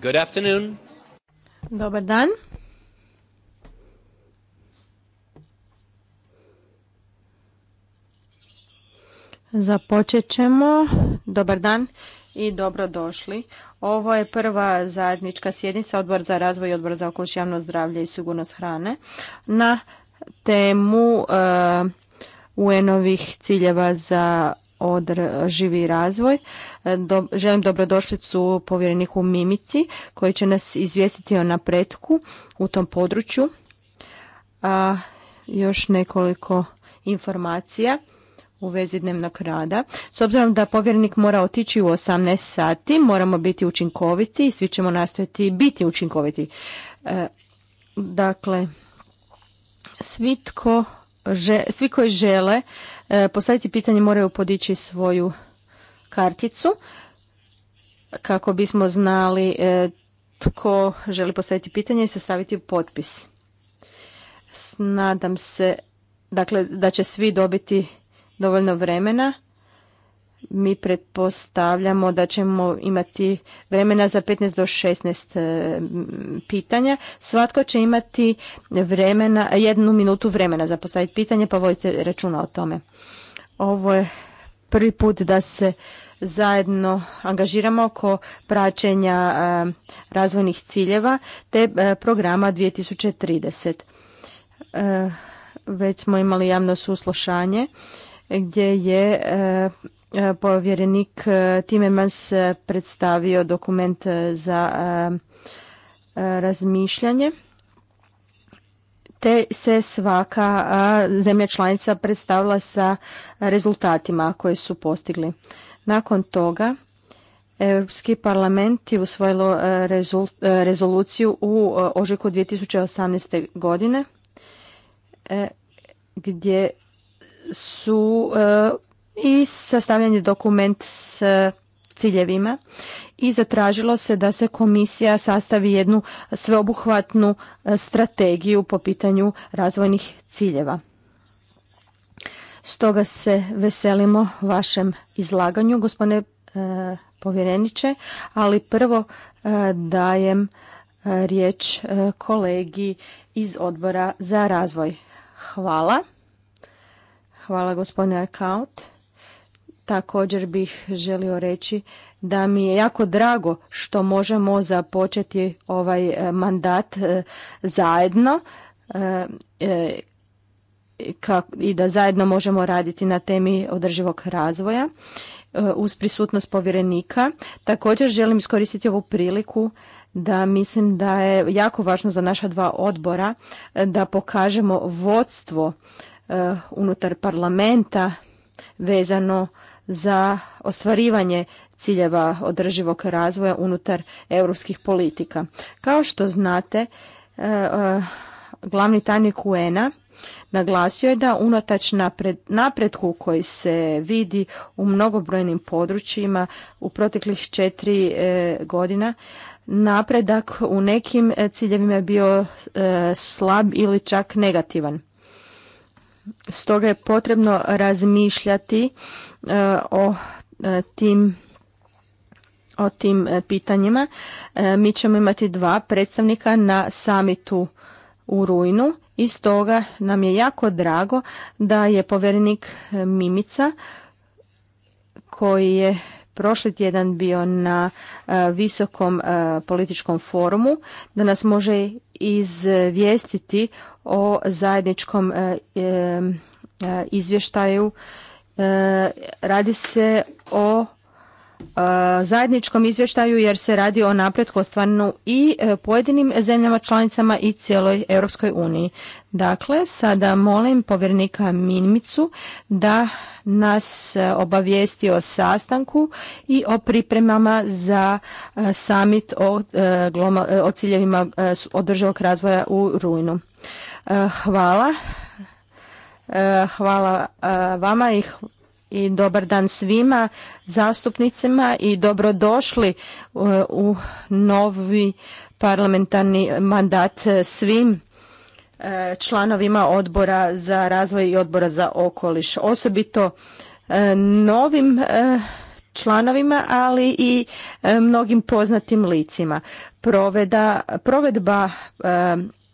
Good afternoon. Dobar dan. Započet ćemo. Dobar dan i dobrodošli. Ovo je prva zajednička sjednica Odbor za razvoj i Odbor za okoliš javno zdravlje i sigurnost hrane na temu e, UN-ovih ciljeva za od živi razvoj. E, do, želim dobrodošlicu povjereniku Mimici koji će nas izvijestiti o napretku u tom području. A, još nekoliko informacija u vezi dnevnog rada. S obzirom da povjerenik mora otići u 18 sati, moramo biti učinkoviti i svi ćemo nastojati biti učinkoviti. E, dakle, Svitko svi koji žele e, postaviti pitanje moraju podići svoju karticu kako bismo znali e, tko želi postaviti pitanje i sastaviti potpis. Nadam se dakle, da će svi dobiti dovoljno vremena mi pretpostavljamo da ćemo imati vremena za 15 do 16 e, pitanja. Svatko će imati vremena, jednu minutu vremena za postaviti pitanje, pa vodite računa o tome. Ovo je prvi put da se zajedno angažiramo oko praćenja e, razvojnih ciljeva te e, programa 2030. Već smo imali javno suslošanje gdje je E, povjerenik e, Timemans e, predstavio dokument za razmišljanje te se svaka zemlja članica predstavila sa rezultatima koje su postigli. Nakon toga Europski parlament je usvojilo rezoluciju u ožujku 2018. godine gdje su i sastavljanje je dokument s e, ciljevima i zatražilo se da se komisija sastavi jednu sveobuhvatnu e, strategiju po pitanju razvojnih ciljeva. Stoga se veselimo vašem izlaganju, gospodine e, povjereniče, ali prvo dajem riječ kolegi iz odbora za razvoj. Hvala. Hvala gospodine Arkaut. Također bih želio reći da mi je jako drago što možemo započeti ovaj e, mandat e, zajedno e, i da zajedno možemo raditi na temi održivog razvoja uz prisutnost povjerenika. Također želim iskoristiti ovu priliku da mislim da je jako važno za naša dva odbora da pokažemo vodstvo unutar parlamenta vezano za ostvarivanje ciljeva održivog razvoja unutar europskih politika. Kao što znate, e, e, glavni tajnik UN-a Naglasio je da unatoč napretku koji se vidi u mnogobrojnim područjima u proteklih četiri e, godina, napredak u nekim ciljevima je bio slab ili čak negativan. Stoga je potrebno razmišljati e, o e, tim o tim e, pitanjima. Mi ćemo imati dva predstavnika na samitu u rujnu i stoga nam je jako drago da je povjerenik Mimica koji je prošli tjedan bio na visokom političkom forumu da nas može izvijestiti o zajedničkom e, e, e, izvještaju. Radi se o zajedničkom izvještaju jer se radi o napretku ostvarenu i pojedinim zemljama članicama i cijeloj Europskoj uniji. Dakle, sada molim povjernika Minmicu da nas obavijesti o sastanku i o pripremama za summit o, o ciljevima održivog razvoja u rujnu. Eh, hvala. Eh, hvala eh, vama i i dobar dan svima zastupnicima i dobrodošli u novi parlamentarni mandat svim članovima odbora za razvoj i odbora za okoliš. Osobito novim članovima, ali i mnogim poznatim licima. provedba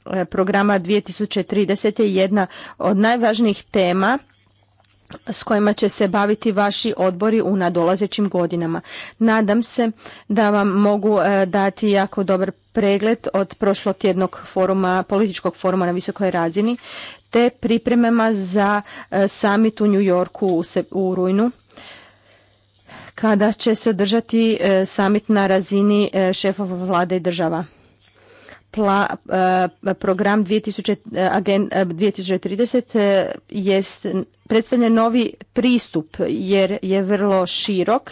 E, programa 2030 je jedna od najvažnijih tema s kojima će se baviti vaši odbori u nadolazećim godinama. Nadam se da vam mogu e, dati jako dobar pregled od prošlotjednog foruma, političkog foruma na visokoj razini, te pripremama za e, summit u New Yorku u rujnu kada će se održati summit na razini šefova vlade i država pla, eh, program 2000, eh, agen, 2030 eh, jest, predstavlja novi pristup jer je vrlo širok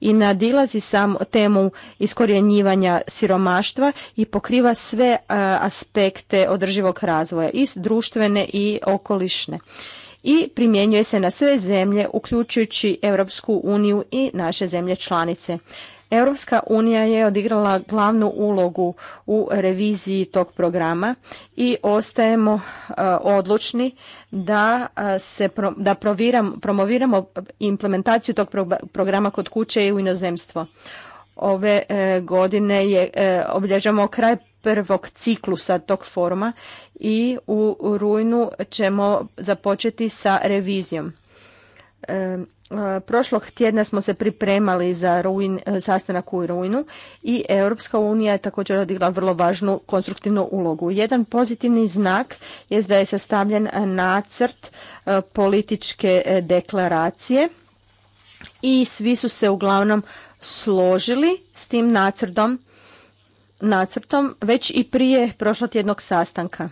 i nadilazi sam temu iskorjenjivanja siromaštva i pokriva sve aspekte održivog razvoja i društvene i okolišne i primjenjuje se na sve zemlje uključujući Europsku uniju i naše zemlje članice. Europska unija je odigrala glavnu ulogu u reviziji tog programa i ostajemo e, odlučni da e, se da promoviramo implementaciju tog programa kod kuće i u inozemstvo. Ove e, godine je obilježamo kraj prvog ciklusa tog foruma i u rujnu ćemo započeti sa revizijom. Prošlog tjedna smo se pripremali za ruin, e, sastanak u Rujnu i Europska unija je također odigla vrlo važnu konstruktivnu ulogu. Jedan pozitivni znak je da je sastavljen nacrt e, političke e, deklaracije i svi su se uglavnom složili s tim nacrtom, nacrtom već i prije tjednog sastanka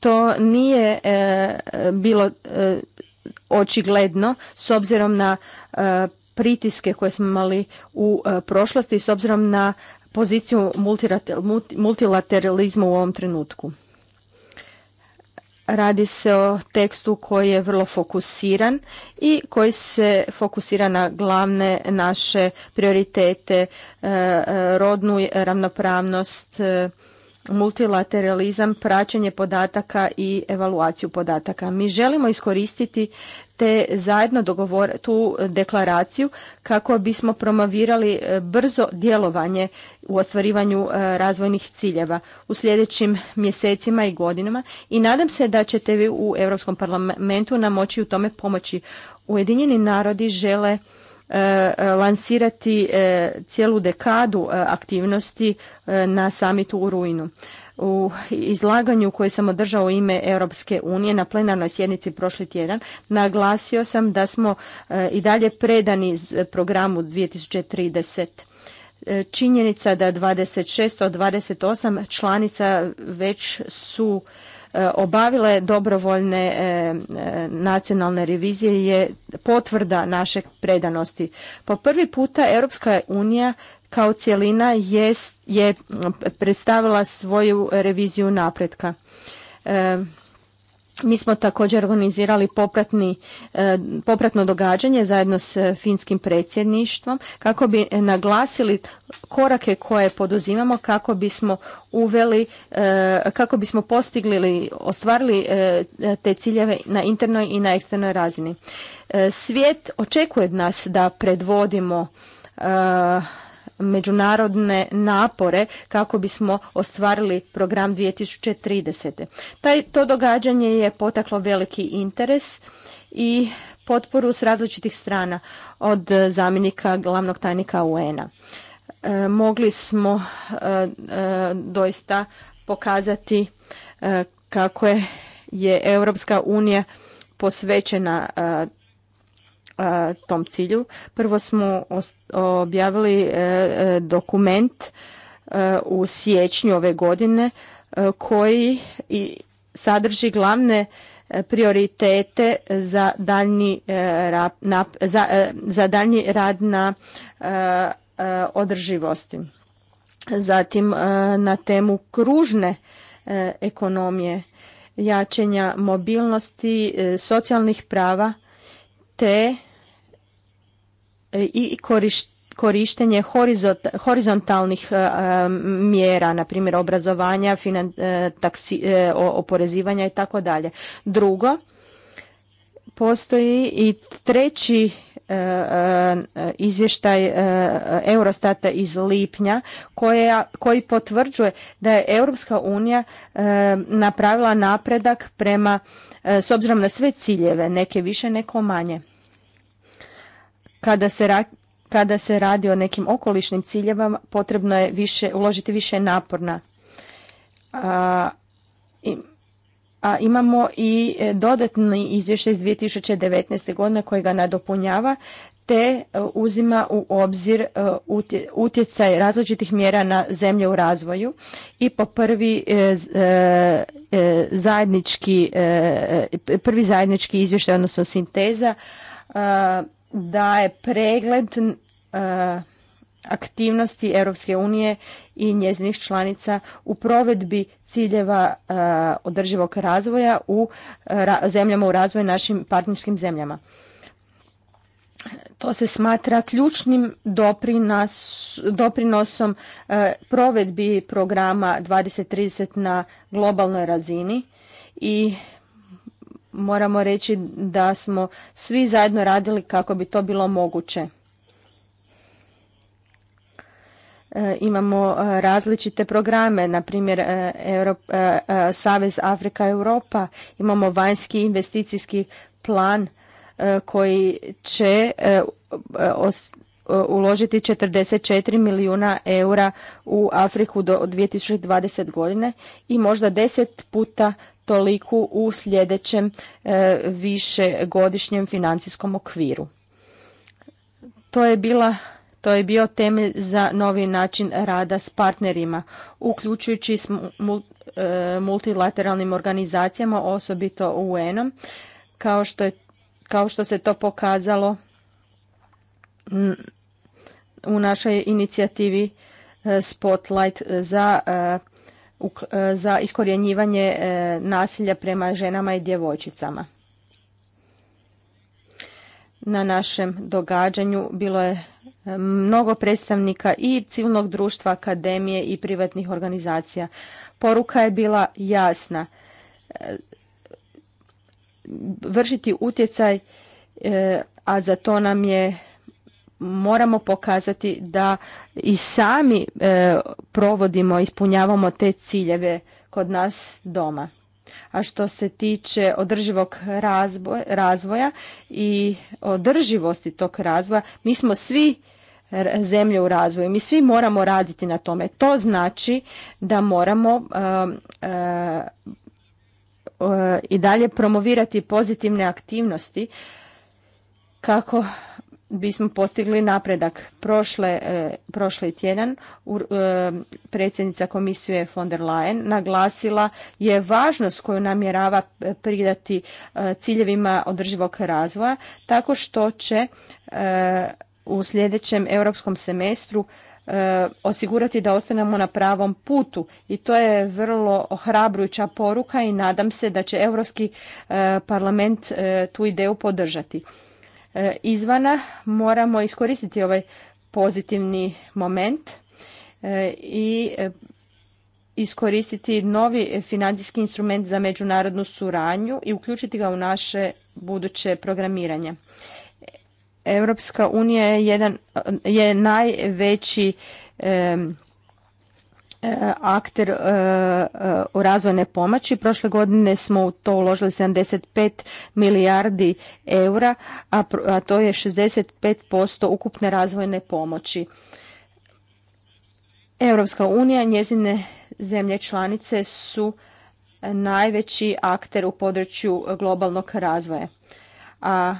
to nije e, bilo e, očigledno s obzirom na e, pritiske koje smo imali u prošlosti i s obzirom na poziciju multilateralizma u ovom trenutku. Radi se o tekstu koji je vrlo fokusiran i koji se fokusira na glavne naše prioritete, rodnu ravnopravnost, multilateralizam, praćenje podataka i evaluaciju podataka. Mi želimo iskoristiti te zajedno dogovor, tu deklaraciju kako bismo promovirali e, brzo djelovanje u ostvarivanju e, razvojnih ciljeva u sljedećim mjesecima i godinama i nadam se da ćete vi u Europskom parlamentu nam moći u tome pomoći. Ujedinjeni narodi žele E, lansirati e, cijelu dekadu e, aktivnosti na samitu u Rujnu. U izlaganju koje sam održao u ime Europske unije na plenarnoj sjednici prošli tjedan naglasio sam da smo i dalje predani programu 2030 činjenica da 26 od 28 članica već su E, obavile dobrovoljne e, e, nacionalne revizije je potvrda naše predanosti. Po prvi puta Europska unija kao cjelina je, je predstavila svoju reviziju napretka. Mi smo također organizirali popratni, e, popratno događanje zajedno s finskim predsjedništvom kako bi naglasili korake koje poduzimamo kako bismo uveli, e, kako bismo postigli, ostvarili e, te ciljeve na internoj i na eksternoj razini. Svijet očekuje od nas da predvodimo međunarodne napore kako bismo ostvarili program 2030. Taj, to događanje je potaklo veliki interes i potporu s različitih strana od zamjenika glavnog tajnika UN-a. E, mogli smo e, e, doista pokazati kako je Europska unija posvećena tom cilju. Prvo smo objavili e, e, dokument e, u siječnju ove godine koji sadrži glavne prioritete za daljnji, za, za rad na održivosti. Zatim na temu kružne ekonomije, jačenja mobilnosti, socijalnih prava te E, i korištenje horizontalnih e, e, mjera, na primjer obrazovanja, taksi, oporezivanja i tako dalje. Drugo, postoji i treći izvještaj Eurostata iz lipnja koji potvrđuje da je Europska unija napravila napredak prema s obzirom na sve ciljeve, neke više, neko manje kada se kada se radi o nekim okolišnim ciljevama potrebno je više, uložiti više naporna. A, a imamo i e, dodatni izvještaj iz 2019. godine koji ga nadopunjava te e, uzima u obzir e, utjecaj različitih mjera na zemlje u razvoju i po prvi zajednički, prvi zajednički izvještaj, odnosno sinteza, daje pregled e, aktivnosti Europske unije i njezinih članica u provedbi ciljeva e, održivog razvoja u zemljama u razvoju našim partnerskim zemljama. To se smatra ključnim doprinosom e, provedbi programa 2030 na globalnoj razini i moramo reći da smo svi zajedno radili kako bi to bilo moguće. E, imamo e, različite programe, na primjer e, Savez Afrika Europa, imamo vanjski investicijski plan koji će uložiti 44 milijuna eura u Afriku do 2020 godine i možda deset puta toliku u sljedećem e, višegodišnjem financijskom okviru. To je bila to je bio temelj za novi način rada s partnerima, uključujući s e, multilateralnim organizacijama, osobito UN-om, kao, kao što se to pokazalo u našoj inicijativi e, Spotlight e, za e, za iskorjenjivanje nasilja prema ženama i djevojčicama. Na našem događanju bilo je mnogo predstavnika i civilnog društva, akademije i privatnih organizacija. Poruka je bila jasna. Vršiti utjecaj, a za to nam je moramo pokazati da i sami e, provodimo, ispunjavamo te ciljeve kod nas doma. A što se tiče održivog razvoja i održivosti tog razvoja, mi smo svi zemlje u razvoju. Mi svi moramo raditi na tome. To znači da moramo e, e, e, i dalje promovirati pozitivne aktivnosti kako bismo postigli napredak. Prošle, e, prošli tjedan e, predsjednica komisije von der Leyen naglasila je važnost koju namjerava e, pridati ciljevima održivog razvoja tako što će u sljedećem europskom semestru osigurati da ostanemo na pravom putu i to je vrlo ohrabrujuća poruka i nadam se da će Europski parlament tu ideju podržati. E, izvana moramo iskoristiti ovaj pozitivni moment e, i e, iskoristiti novi financijski instrument za međunarodnu suradnju i uključiti ga u naše buduće programiranje. Europska unija je jedan je najveći E, akter u e, e, razvojne pomoći. Prošle godine smo u to uložili 75 milijardi eura, a to je 65% ukupne razvojne pomoći. Europska unija, njezine zemlje članice su najveći akter u području globalnog razvoja. A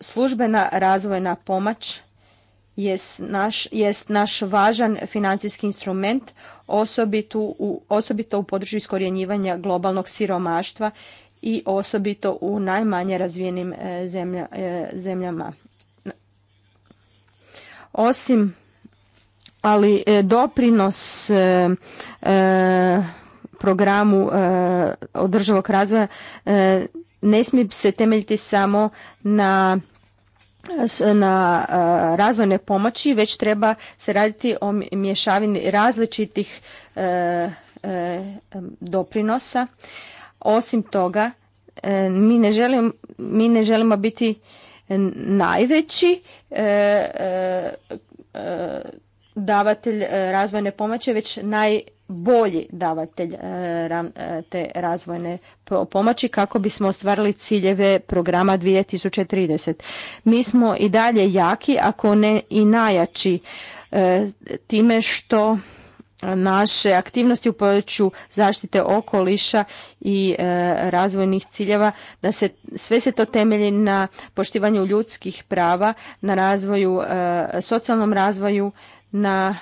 službena razvojna pomać jest naš, važan financijski instrument, osobito u, osobito u području iskorjenjivanja globalnog siromaštva i osobito u najmanje razvijenim e, e, zemljama. Osim ali e, doprinos programu održivog razvoja ne smije se temeljiti samo na na razvojne pomoći, već treba se raditi o mješavini različitih e, e, doprinosa. Osim toga, e, mi ne, mi ne želimo biti najveći davatelj razvojne pomoći, već naj bolji davatelj e, e, te razvojne pomoći kako bismo ostvarili ciljeve programa 2030. Mi smo i dalje jaki, ako ne i najjači e, time što naše aktivnosti u području zaštite okoliša i razvojnih ciljeva da se sve se to temelji na poštivanju ljudskih prava, na razvoju socijalnom razvoju, na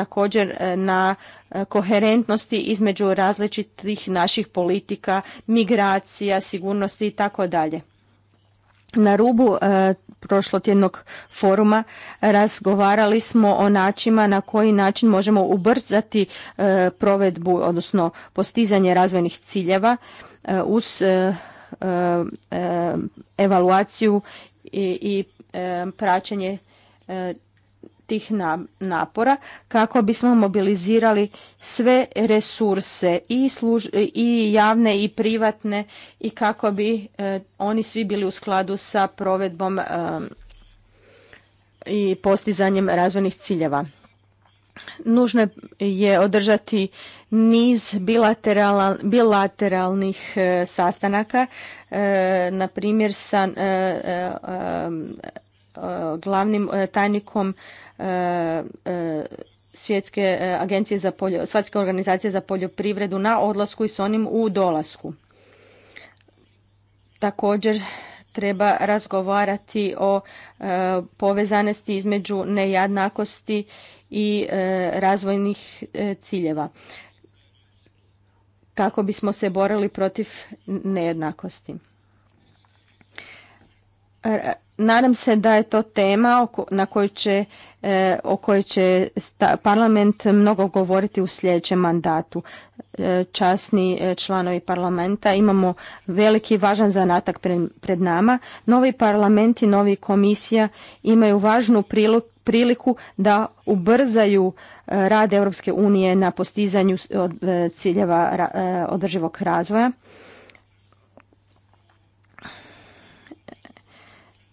također e, na e, koherentnosti između različitih naših politika, migracija, sigurnosti i tako dalje. Na rubu e, prošlotjednog foruma razgovarali smo o načinima na koji način možemo ubrzati e, provedbu, odnosno postizanje razvojnih ciljeva e, uz evaluaciju i, i praćenje tih napora kako bismo mobilizirali sve resurse i, i javne i privatne i kako bi e, oni svi bili u skladu sa provedbom e, i postizanjem razvojnih ciljeva. Nužno je održati niz bilateralnih e, sastanaka, na primjer sa E, glavnim e, tajnikom e, svjetske agencije za organizacije za poljoprivredu na odlasku i s onim u dolasku. Također treba razgovarati o e, povezanosti između nejednakosti i razvojnih ciljeva kako bismo se borili protiv nejednakosti nadam se da je to tema na kojoj će, e, o kojoj će parlament mnogo govoriti u sljedećem mandatu. E, časni e, članovi parlamenta imamo veliki važan zanatak pred nama. Novi parlament i novi komisija imaju važnu priliku da ubrzaju rad Europske unije na postizanju ciljeva održivog razvoja.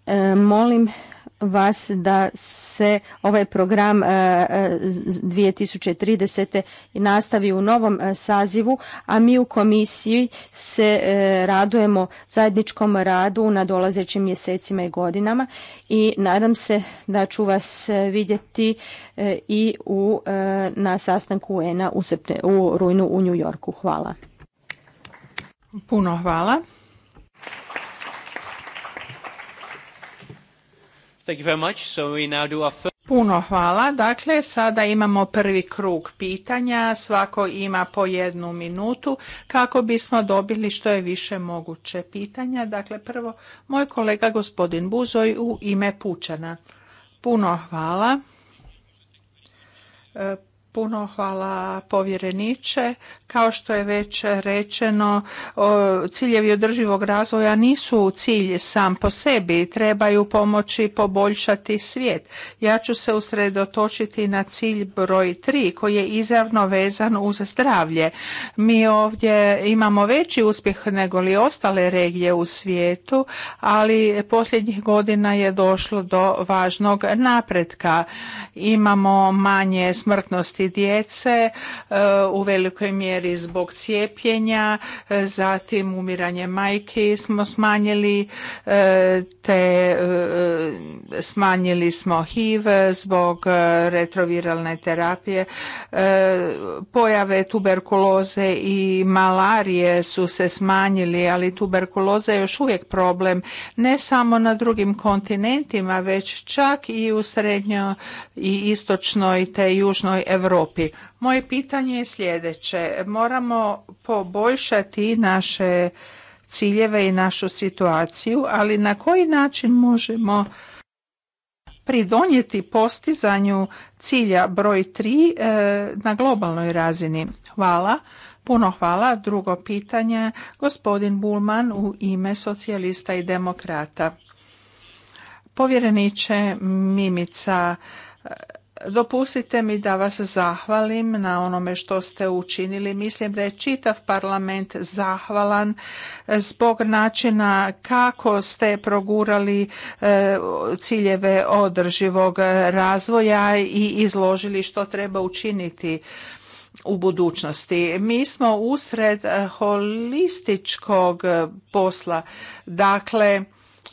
E, molim vas da se ovaj program 2030. E, e, nastavi u novom sazivu, a mi u komisiji se radujemo zajedničkom radu na dolazećim mjesecima i godinama i nadam se da ću vas vidjeti i u, na sastanku UN-a u, u rujnu u New Yorku. Hvala. Puno hvala. Puno hvala. Dakle, sada imamo prvi krug pitanja. Svako ima po jednu minutu kako bismo dobili što je više moguće pitanja. Dakle, prvo moj kolega gospodin Buzoj u ime Pučana. Puno hvala. E, Puno hvala povjereniče. Kao što je već rečeno, ciljevi održivog razvoja nisu cilj sam po sebi, trebaju pomoći poboljšati svijet. Ja ću se usredotočiti na cilj broj tri koji je izravno vezan uz zdravlje. Mi ovdje imamo veći uspjeh nego li ostale regije u svijetu, ali posljednjih godina je došlo do važnog napretka. Imamo manje smrtnosti djece e, u velikoj mjeri zbog cijepljenja, e, zatim umiranje majki smo smanjili, e, te smanjili smo HIV zbog retroviralne terapije. Pojave tuberkuloze i malarije su se smanjili, ali tuberkuloza je još uvijek problem ne samo na drugim kontinentima, već čak i u srednjoj i istočnoj te južnoj Evropi. Europi. Moje pitanje je sljedeće. Moramo poboljšati naše ciljeve i našu situaciju, ali na koji način možemo pridonijeti postizanju cilja broj 3 eh, na globalnoj razini? Hvala. Puno hvala. Drugo pitanje, gospodin Bulman u ime socijalista i demokrata. Povjereniče Mimica, Dopustite mi da vas zahvalim na onome što ste učinili. Mislim da je čitav parlament zahvalan e, zbog načina kako ste progurali e, ciljeve održivog razvoja i izložili što treba učiniti u budućnosti. Mi smo usred holističkog posla. Dakle,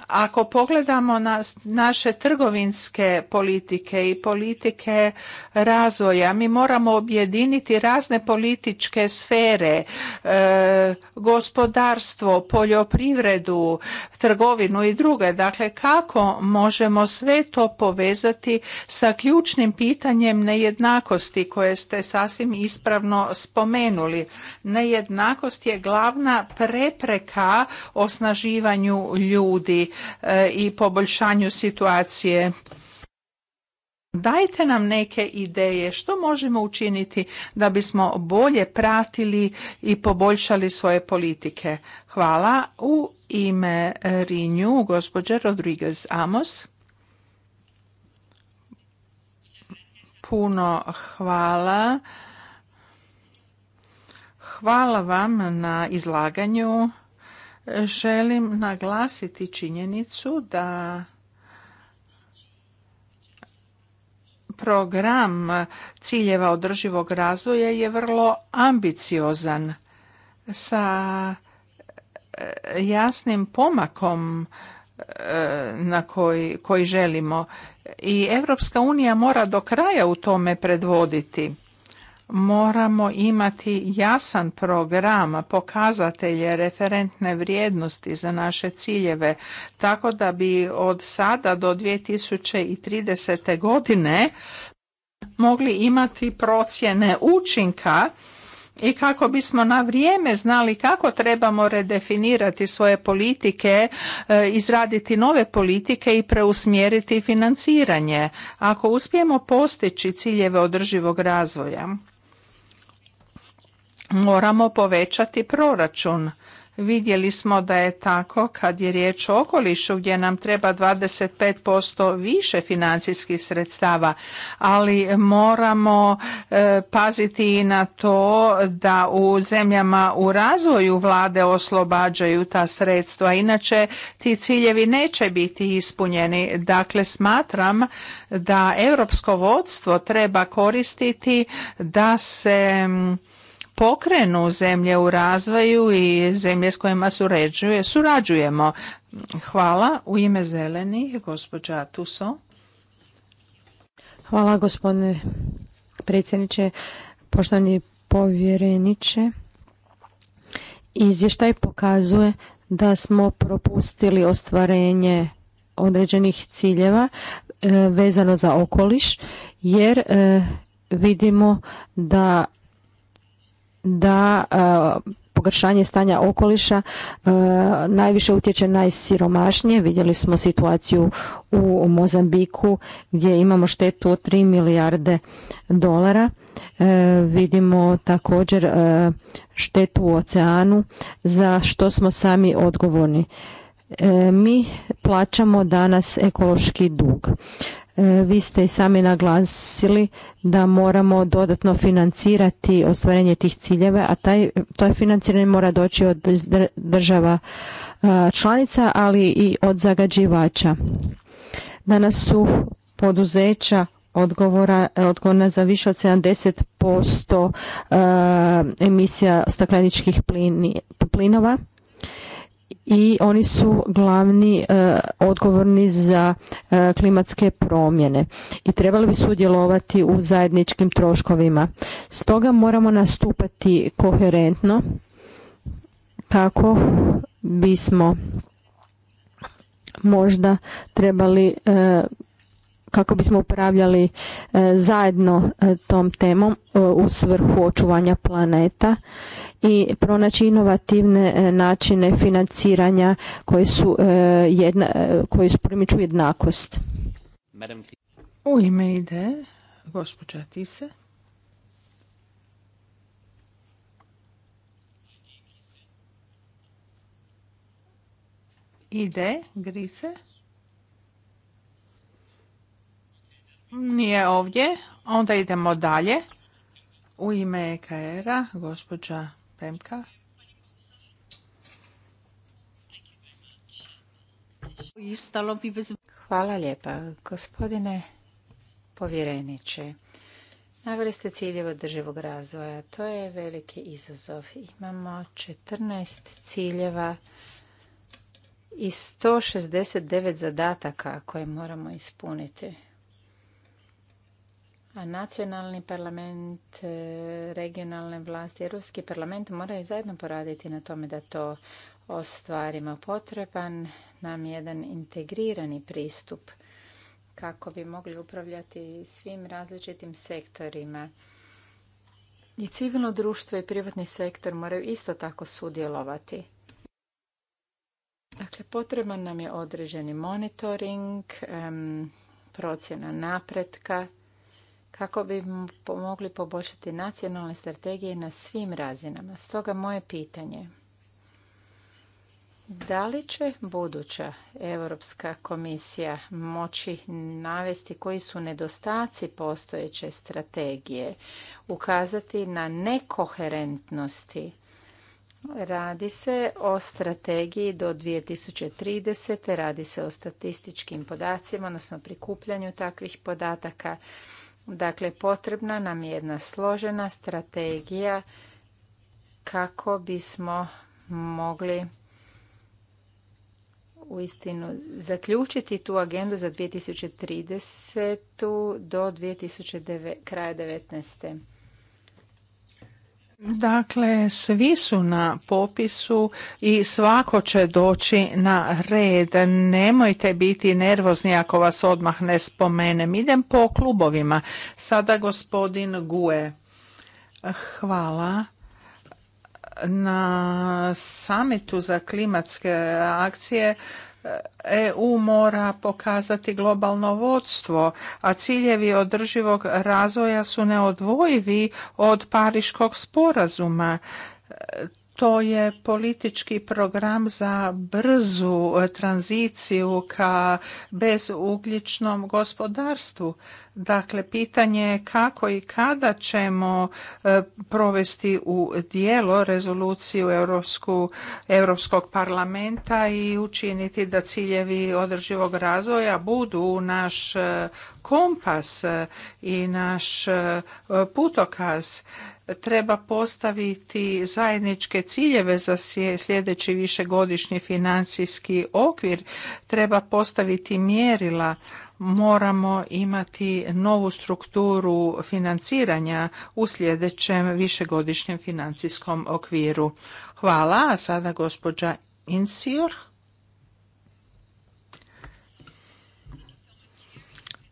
ako pogledamo na naše trgovinske politike i politike razvoja, mi moramo objediniti razne političke sfere, e, gospodarstvo, poljoprivredu, trgovinu i druge. Dakle, kako možemo sve to povezati sa ključnim pitanjem nejednakosti koje ste sasvim ispravno spomenuli. Nejednakost je glavna prepreka osnaživanju ljudi Eh, i poboljšanju situacije. Dajte nam neke ideje što možemo učiniti da bismo bolje pratili i poboljšali svoje politike. Hvala. U ime Rinju, gospođe Rodriguez Amos. Puno hvala. Hvala vam na izlaganju želim naglasiti činjenicu da program ciljeva održivog razvoja je vrlo ambiciozan sa e, jasnim pomakom e, na koji, koji želimo i Europska unija mora do kraja u tome predvoditi moramo imati jasan program, pokazatelje, referentne vrijednosti za naše ciljeve, tako da bi od sada do 2030. godine mogli imati procjene učinka i kako bismo na vrijeme znali kako trebamo redefinirati svoje politike, e, izraditi nove politike i preusmjeriti financiranje ako uspijemo postići ciljeve održivog razvoja moramo povećati proračun. Vidjeli smo da je tako kad je riječ o okolišu gdje nam treba 25% više financijskih sredstava, ali moramo e, paziti i na to da u zemljama u razvoju vlade oslobađaju ta sredstva, inače ti ciljevi neće biti ispunjeni. Dakle, smatram da europsko vodstvo treba koristiti da se pokrenu zemlje u razvoju i zemlje s kojima surađuje, surađujemo. Hvala. U ime zeleni, gospođa Tuso. Hvala gospodine predsjedniče, poštovani povjereniče. Izvještaj pokazuje da smo propustili ostvarenje određenih ciljeva e, vezano za okoliš jer e, vidimo da da e, pogršanje stanja okoliša e, najviše utječe najsiromašnije. Vidjeli smo situaciju u Mozambiku gdje imamo štetu od 3 milijarde dolara. E, vidimo također štetu u oceanu za što smo sami odgovorni. Mi plaćamo danas ekološki dug. E, vi ste i sami naglasili da moramo dodatno financirati ostvarenje tih ciljeva, a taj, to financiranje mora doći od država e, članica, ali i od zagađivača. Danas su poduzeća odgovora, odgovorna za više od 70% e, emisija stakleničkih plinova i oni su glavni e, odgovorni za e, klimatske promjene i trebali bi sudjelovati u zajedničkim troškovima. Stoga moramo nastupati koherentno kako bismo možda trebali e, kako bismo upravljali zajedno tom temom u svrhu očuvanja planeta i pronaći inovativne e, načine financiranja koji su e, jedna, e, koji jednakost. U ime ide gospođa Tise. Ide, grise. Nije ovdje. Onda idemo dalje. U ime EKR-a, gospođa Hvala lijepa, gospodine povjereniče. Naveli ste ciljeve održivog razvoja. To je veliki izazov. Imamo 14 ciljeva i 169 zadataka koje moramo ispuniti. A nacionalni parlament, e, regionalne vlasti, Ruski parlament moraju zajedno poraditi na tome da to ostvarimo. Potreban nam jedan integrirani pristup kako bi mogli upravljati svim različitim sektorima. I civilno društvo i privatni sektor moraju isto tako sudjelovati. Dakle, potreban nam je određeni monitoring, procjena napretka, kako bi pomogli poboljšati nacionalne strategije na svim razinama. Stoga moje pitanje da li će buduća Europska komisija moći navesti koji su nedostaci postojeće strategije, ukazati na nekoherentnosti? Radi se o strategiji do 2030. Radi se o statističkim podacima, odnosno prikupljanju takvih podataka. Dakle, potrebna nam je jedna složena strategija kako bismo mogli uistinu zaključiti tu agendu za 2030. do tisuće kraja 19. Dakle, svi su na popisu i svako će doći na red. Nemojte biti nervozni ako vas odmah ne spomenem. Idem po klubovima. Sada gospodin Gue. Hvala. Na samitu za klimatske akcije E, EU mora pokazati globalno vodstvo, a ciljevi održivog razvoja su neodvojivi od Pariškog sporazuma to je politički program za brzu eh, tranziciju ka bezugljičnom gospodarstvu. Dakle, pitanje je kako i kada ćemo eh, provesti u dijelo rezoluciju Europsku, Europskog parlamenta i učiniti da ciljevi održivog razvoja budu naš eh, kompas i naš putokaz treba postaviti zajedničke ciljeve za sljedeći višegodišnji financijski okvir, treba postaviti mjerila, moramo imati novu strukturu financiranja u sljedećem višegodišnjem financijskom okviru. Hvala, a sada gospođa Insir.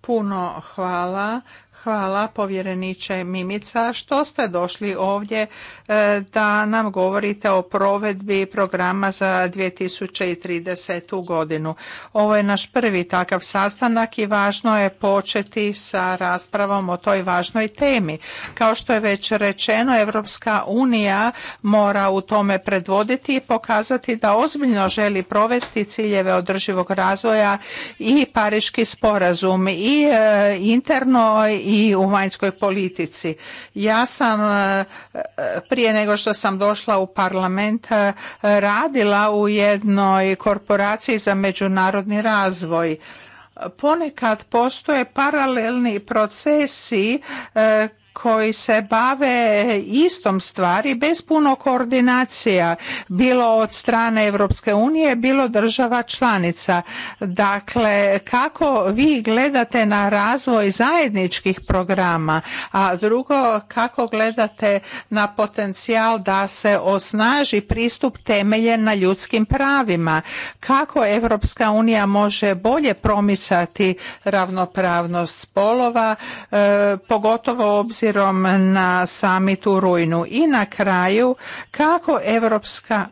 Puno hvala Hvala povjereniče Mimica što ste došli ovdje e, da nam govorite o provedbi programa za 2030. godinu. Ovo je naš prvi takav sastanak i važno je početi sa raspravom o toj važnoj temi. Kao što je već rečeno, Evropska unija mora u tome predvoditi i pokazati da ozbiljno želi provesti ciljeve održivog razvoja i Pariški sporazum i e, interno i i u vanjskoj politici. Ja sam e, prije nego što sam došla u parlament e, radila u jednoj korporaciji za međunarodni razvoj ponekad postoje paralelni procesi e, koji se bave istom stvari bez puno koordinacija bilo od strane Europske unije bilo država članica. Dakle, kako vi gledate na razvoj zajedničkih programa, a drugo kako gledate na potencijal da se osnaži pristup temeljen na ljudskim pravima? Kako Europska unija može bolje promicati ravnopravnost spolova, e, pogotovo obzir obzirom na summit u rujnu? I na kraju, kako Europska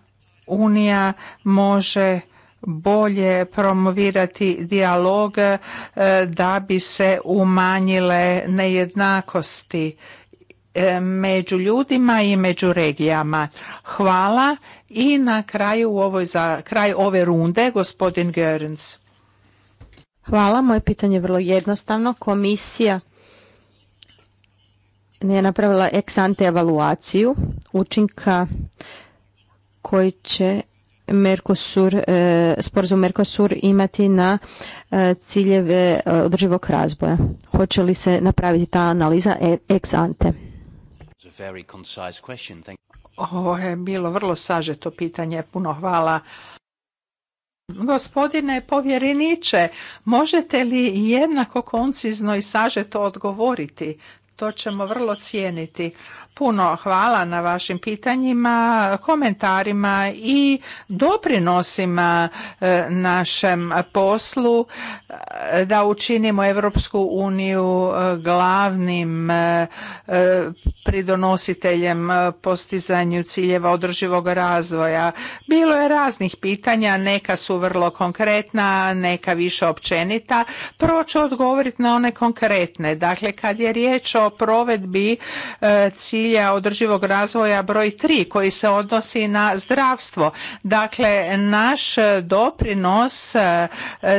unija može bolje promovirati dijalog e, da bi se umanjile nejednakosti e, među ljudima i među regijama. Hvala i na kraju u ovoj za kraj ove runde gospodin Gerns. Hvala, moje pitanje je vrlo jednostavno. Komisija je napravila ex ante evaluaciju učinka koji će Mercosur, e, sporazum Mercosur imati na e, ciljeve e, održivog razvoja. Hoće li se napraviti ta analiza ex ante? Ovo je bilo vrlo sažeto pitanje, puno hvala. Gospodine povjereniče, možete li jednako koncizno i sažeto odgovoriti? to ćemo vrlo cijeniti puno hvala na vašim pitanjima, komentarima i doprinosima e, našem poslu e, da učinimo Europsku uniju e, glavnim pridonositeljem postizanju ciljeva održivog razvoja. Bilo je raznih pitanja, neka su vrlo konkretna, neka više općenita. Prvo ću odgovoriti na one konkretne. Dakle, kad je riječ o provedbi cilja cilja održivog razvoja broj 3 koji se odnosi na zdravstvo. Dakle, naš doprinos e,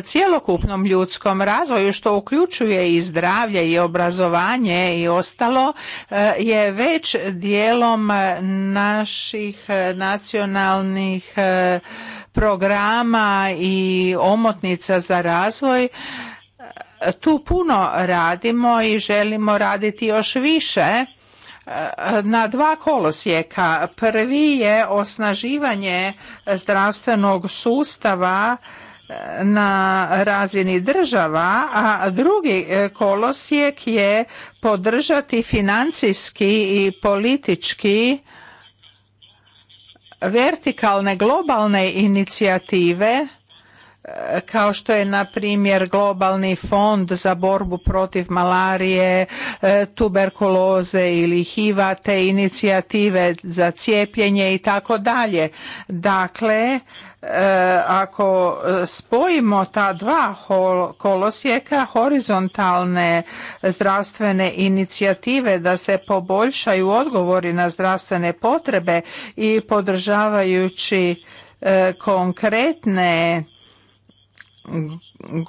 cjelokupnom ljudskom razvoju što uključuje i zdravlje i obrazovanje i ostalo e, je već dijelom naših nacionalnih e, programa i omotnica za razvoj tu puno radimo i želimo raditi još više na dva kolosijeka. Prvi je osnaživanje zdravstvenog sustava e, na razini država, a drugi e, kolosijek je podržati financijski i politički vertikalne globalne inicijative kao što je na primjer globalni fond za borbu protiv malarije, e, tuberkuloze ili hiv te inicijative za cijepljenje i tako dalje. Dakle, e, ako spojimo ta dva kolosijeka horizontalne zdravstvene inicijative da se poboljšaju odgovori na zdravstvene potrebe i podržavajući e, konkretne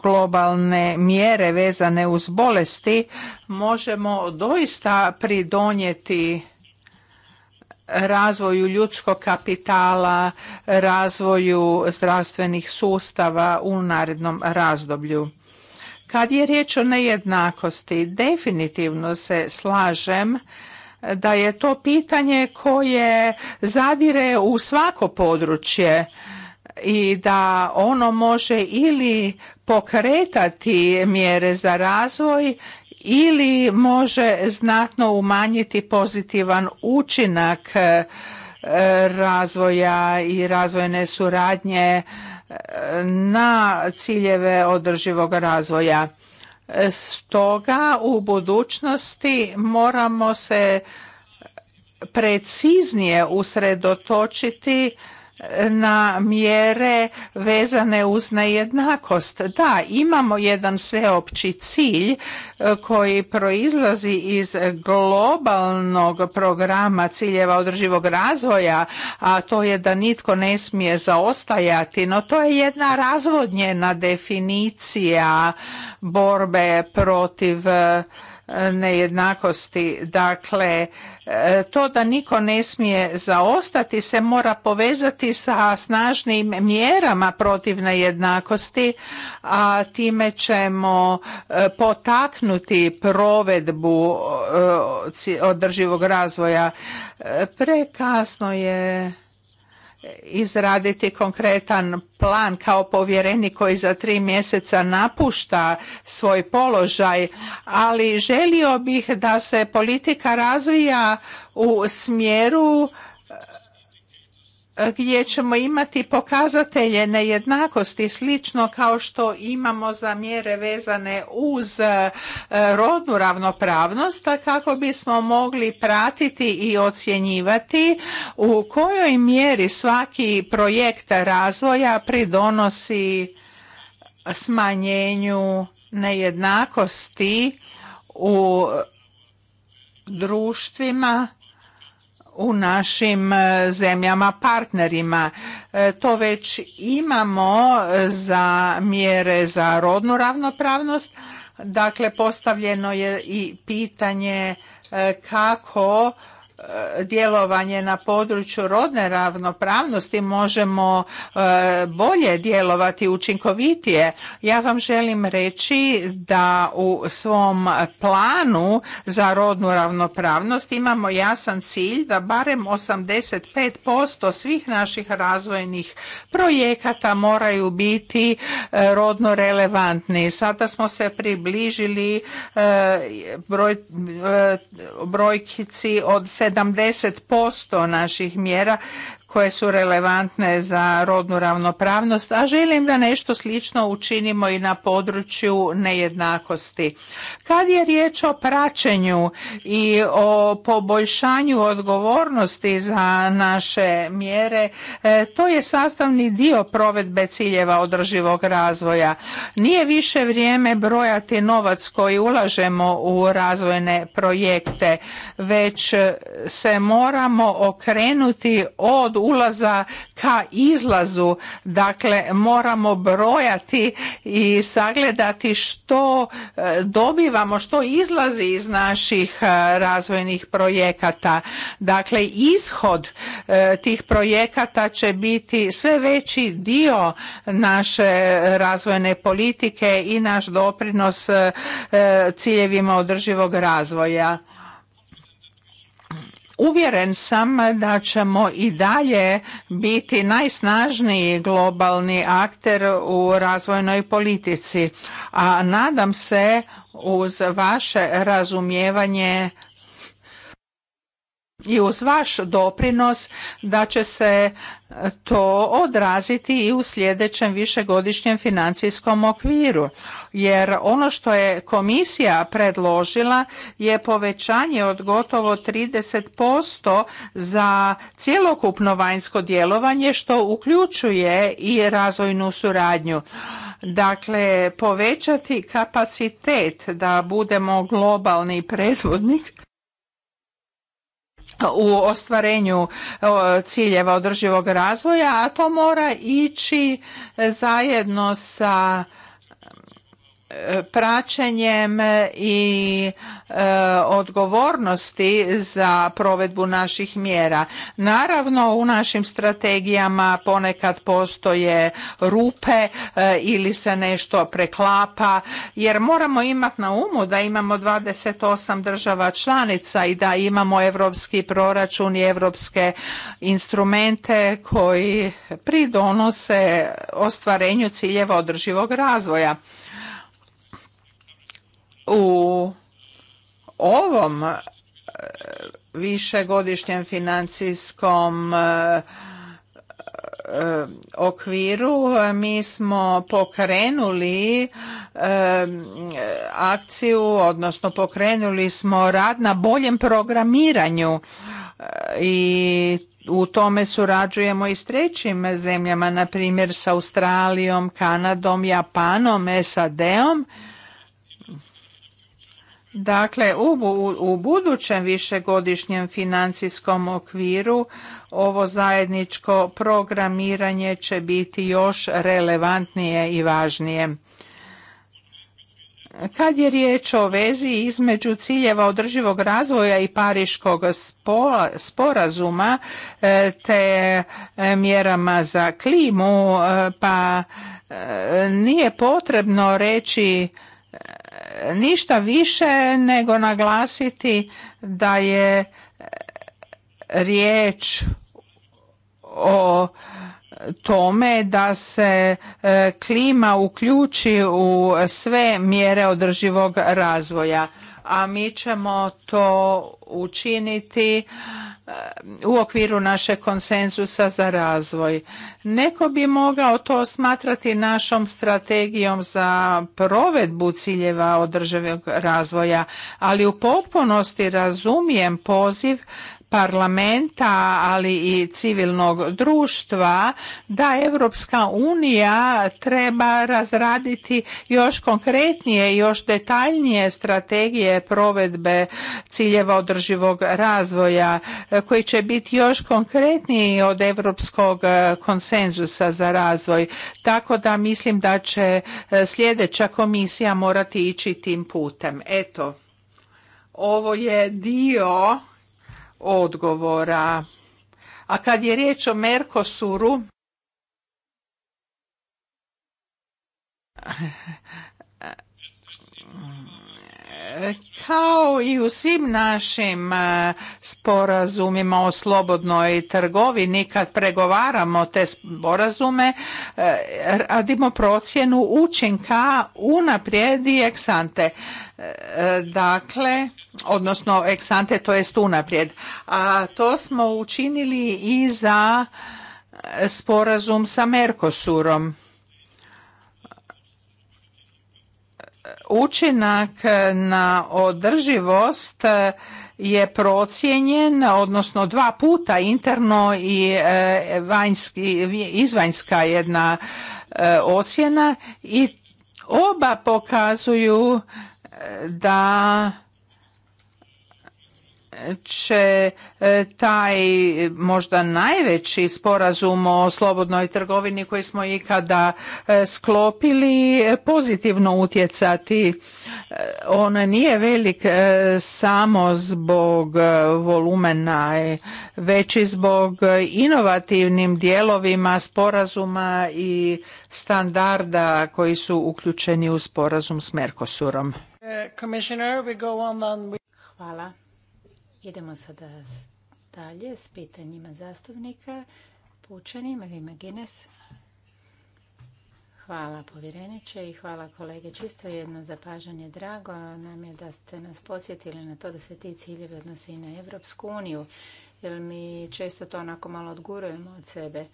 globalne mjere vezane uz bolesti možemo doista pridonijeti razvoju ljudskog kapitala, razvoju zdravstvenih sustava u narednom razdoblju. Kad je riječ o nejednakosti, definitivno se slažem da je to pitanje koje zadire u svako područje i da ono može ili pokretati mjere za razvoj ili može znatno umanjiti pozitivan učinak e, razvoja i razvojne suradnje e, na ciljeve održivog razvoja. Stoga u budućnosti moramo se preciznije usredotočiti na mjere vezane uz nejednakost. Da, imamo jedan sveopći cilj e, koji proizlazi iz globalnog programa ciljeva održivog razvoja, a to je da nitko ne smije zaostajati, no to je jedna razvodnjena definicija borbe protiv e, nejednakosti. Dakle, E, to da niko ne smije zaostati se mora povezati sa snažnim mjerama protiv nejednakosti, a time ćemo e, potaknuti provedbu e, održivog razvoja. Prekasno je izraditi konkretan plan kao povjerenik koji za tri mjeseca napušta svoj položaj, ali želio bih da se politika razvija u smjeru gdje ćemo imati pokazatelje nejednakosti slično kao što imamo za mjere vezane uz e, rodnu ravnopravnost kako bismo mogli pratiti i ocjenjivati u kojoj mjeri svaki projekt razvoja pridonosi smanjenju nejednakosti u društvima u našim e, zemljama partnerima. E, to već imamo e, za mjere za rodnu ravnopravnost. Dakle, postavljeno je i pitanje kako E, djelovanje na području rodne ravnopravnosti možemo e, bolje djelovati učinkovitije ja vam želim reći da u svom planu za rodnu ravnopravnost imamo jasan cilj da barem 85% svih naših razvojnih projekata moraju biti e, rodno relevantni sada smo se približili broj brojkici od 70 70% naših mjera koje su relevantne za rodnu ravnopravnost, a želim da nešto slično učinimo i na području nejednakosti. Kad je riječ o praćenju i o poboljšanju odgovornosti za naše mjere, e, to je sastavni dio provedbe ciljeva održivog razvoja. Nije više vrijeme brojati novac koji ulažemo u razvojne projekte, već se moramo okrenuti od ulaza ka izlazu. Dakle, moramo brojati i sagledati što e, dobivamo, što izlazi iz naših e, razvojnih projekata. Dakle, ishod e, tih projekata će biti sve veći dio naše razvojne politike i naš doprinos ciljevima održivog razvoja. Uvjeren sam da ćemo i dalje biti najsnažniji globalni akter u razvojnoj politici, a nadam se uz vaše razumijevanje i uz vaš doprinos da će se e, to odraziti i u sljedećem višegodišnjem financijskom okviru. Jer ono što je komisija predložila je povećanje od gotovo 30% za cjelokupno vanjsko djelovanje što uključuje i razvojnu suradnju. Dakle, povećati kapacitet da budemo globalni predvodnik u ostvarenju ciljeva održivog razvoja, a to mora ići zajedno sa praćenjem i e, odgovornosti za provedbu naših mjera. Naravno u našim strategijama ponekad postoje rupe e, ili se nešto preklapa jer moramo imati na umu da imamo 28 država članica i da imamo europski proračun i europske instrumente koji pridonose ostvarenju ciljeva održivog razvoja u ovom e, višegodišnjem financijskom e, e, okviru mi smo pokrenuli akciju, odnosno pokrenuli smo rad na boljem programiranju i u tome surađujemo i s trećim zemljama, na primjer s Australijom, Kanadom, Japanom, SAD-om Dakle, u, budućem višegodišnjem financijskom okviru ovo zajedničko programiranje će biti još relevantnije i važnije. Kad je riječ o vezi između ciljeva održivog razvoja i pariškog sporazuma e, te e, mjerama za klimu, e, pa nije potrebno reći ništa više nego naglasiti da je e, riječ o tome da se e, klima uključi u sve mjere održivog razvoja a mi ćemo to učiniti u okviru našeg konsenzusa za razvoj. Neko bi mogao to smatrati našom strategijom za provedbu ciljeva održivog razvoja, ali u potpunosti razumijem poziv parlamenta, ali i civilnog društva da Europska unija treba razraditi još konkretnije, još detaljnije strategije provedbe ciljeva održivog razvoja koji će biti još konkretniji od europskog konsenzusa za razvoj. Tako da mislim da će e, sljedeća komisija morati ići tim putem. Eto, ovo je dio odgovora. A kad je riječ o Merkosuru, kao i u svim našim e, sporazumima o slobodnoj trgovini kad pregovaramo te sporazume e, radimo procjenu učinka unaprijed i eksante E, dakle, odnosno eksante, ante, to jest unaprijed. A to smo učinili i za sporazum sa Mercosurom. Učinak na održivost je procijenjen, odnosno dva puta interno i e, vanjski, izvanjska jedna e, ocjena i oba pokazuju da će e, taj možda najveći sporazum o slobodnoj trgovini koji smo ikada e, sklopili pozitivno utjecati. E, on nije velik samo zbog volumena, već i zbog inovativnim dijelovima sporazuma i standarda koji su uključeni u sporazum s Merkosurom. Uh, hvala. Idemo sada dalje s pitanjima zastupnika. Pučani, Marima Gines. Hvala povjereniče i hvala kolege. Čisto jedno zapažanje drago nam je da ste nas podsjetili na to da se ti ciljevi odnose i na Evropsku uniju, jer mi često to onako malo odgurujemo od sebe.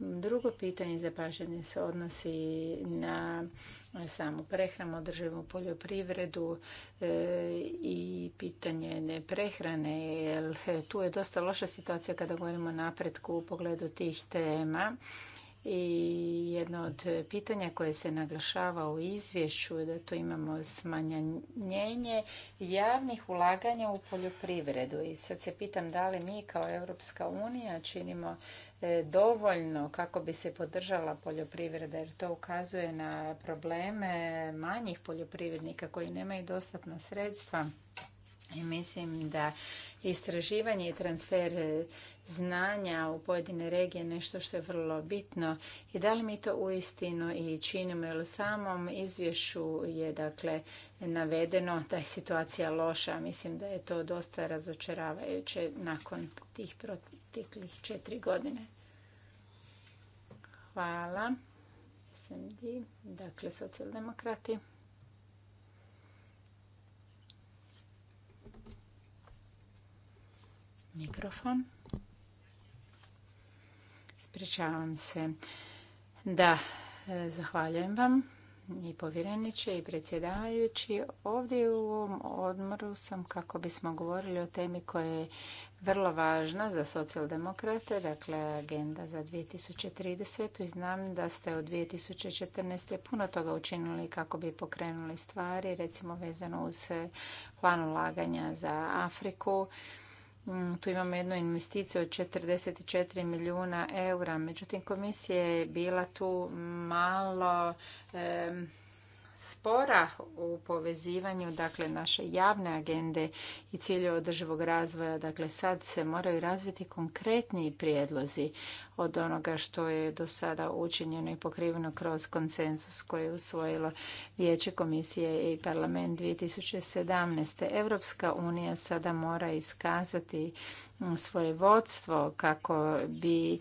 Drugo pitanje za paženje se odnosi na samu prehranu, održivu poljoprivredu e, i pitanje prehrane, jer tu je dosta loša situacija kada govorimo o napretku u pogledu tih tema. I jedno od pitanja koje se naglašava u izvješću je da tu imamo smanjenje javnih ulaganja u poljoprivredu. I sad se pitam da li mi kao Europska unija činimo e, dovoljno kako bi se podržala poljoprivreda jer to ukazuje na probleme manjih poljoprivrednika koji nemaju dostatna sredstva. I mislim da istraživanje i transfer e, znanja u pojedine regije nešto što je vrlo bitno i da li mi to uistinu i činimo jer u samom izvješću je dakle navedeno da je situacija loša. Mislim da je to dosta razočaravajuće nakon tih proteklih četiri godine. Hvala. SMD, dakle socijaldemokrati. Mikrofon. ispričavam se. Da, e, zahvaljujem vam i povjereniče i predsjedavajući. Ovdje u ovom odmoru sam kako bismo govorili o temi koja je vrlo važna za socijaldemokrate, dakle agenda za 2030. I znam da ste od 2014. puno toga učinili kako bi pokrenuli stvari, recimo vezano uz plan ulaganja za Afriku. Mm, tu imamo jednu investiciju od 44 milijuna eura. Međutim, komisija je bila tu malo spora u povezivanju dakle naše javne agende i cilje održivog razvoja. Dakle, sad se moraju razviti konkretniji prijedlozi od onoga što je do sada učinjeno i pokriveno kroz konsenzus koji je usvojilo Vijeće komisije i parlament 2017. Europska unija sada mora iskazati mm, svoje vodstvo kako bi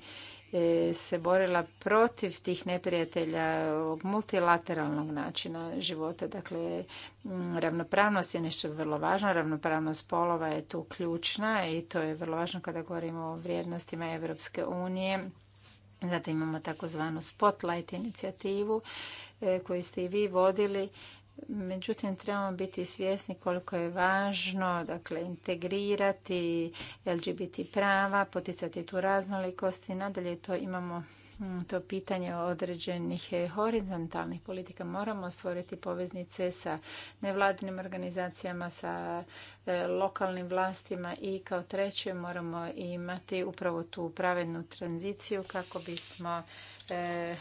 e, se borila protiv tih neprijatelja ovog multilateralnog načina života. Dakle, mm, ravnopravnost je nešto vrlo važno. Ravnopravnost polova je tu ključna i to je vrlo važno kada govorimo o vrijednostima Evropske unije Zatim imamo takozvanu spotlight inicijativu e, koju ste i vi vodili. Međutim, trebamo biti svjesni koliko je važno dakle, integrirati LGBT prava, poticati tu raznolikost i nadalje to imamo Mm, to pitanje određenih horizontalnih politika. Moramo stvoriti poveznice sa nevladinim organizacijama, sa e, lokalnim vlastima i kao treće moramo imati upravo tu pravednu tranziciju kako bismo e,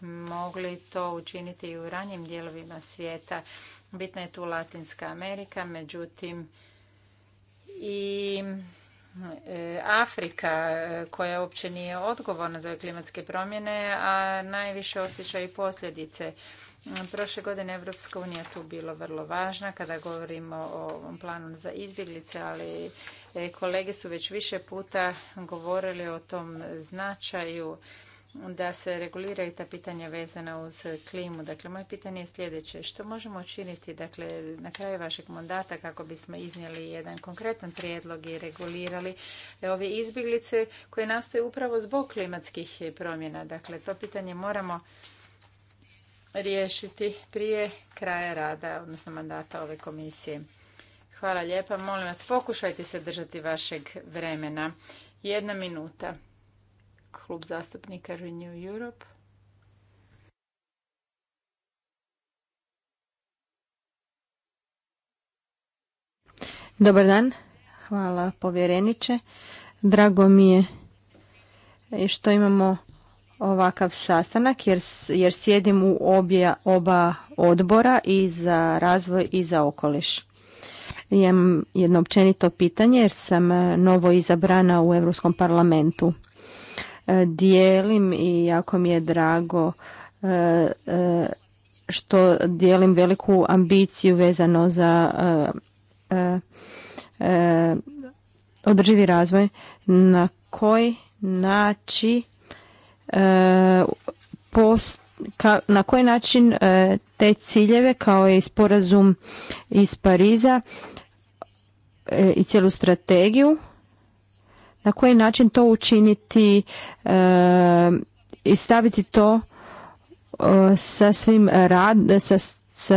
mogli to učiniti i u ranjim dijelovima svijeta. Bitna je tu Latinska Amerika, međutim i E, Afrika e, koja uopće nije odgovorna za klimatske promjene, a najviše osjeća i posljedice. Prošle godine Evropska unija tu bilo vrlo važna kada govorimo o ovom planu za izbjeglice, ali e, kolege su već više puta govorili o tom značaju da se reguliraju ta pitanja vezana uz klimu. Dakle, moje pitanje je sljedeće. Što možemo učiniti dakle, na kraju vašeg mandata kako bismo iznijeli jedan konkretan prijedlog i regulirali ove izbjeglice koje nastaju upravo zbog klimatskih promjena? Dakle, to pitanje moramo riješiti prije kraja rada, odnosno mandata ove komisije. Hvala lijepa. Molim vas, pokušajte se držati vašeg vremena. Jedna minuta klub zastupnika Renew Europe. Dobar dan, hvala povjereniče. Drago mi je e, što imamo ovakav sastanak jer, jer sjedim u obje, oba odbora i za razvoj i za okoliš. Imam jedno općenito pitanje jer sam e, novo izabrana u Europskom parlamentu. E, dijelim i jako mi je drago e, e, što dijelim veliku ambiciju vezano za održivi razvoj na koji način na koji način te ciljeve kao i sporazum iz Pariza i cijelu strategiju na koji način to učiniti e, i staviti to e, sa svim rad, sa,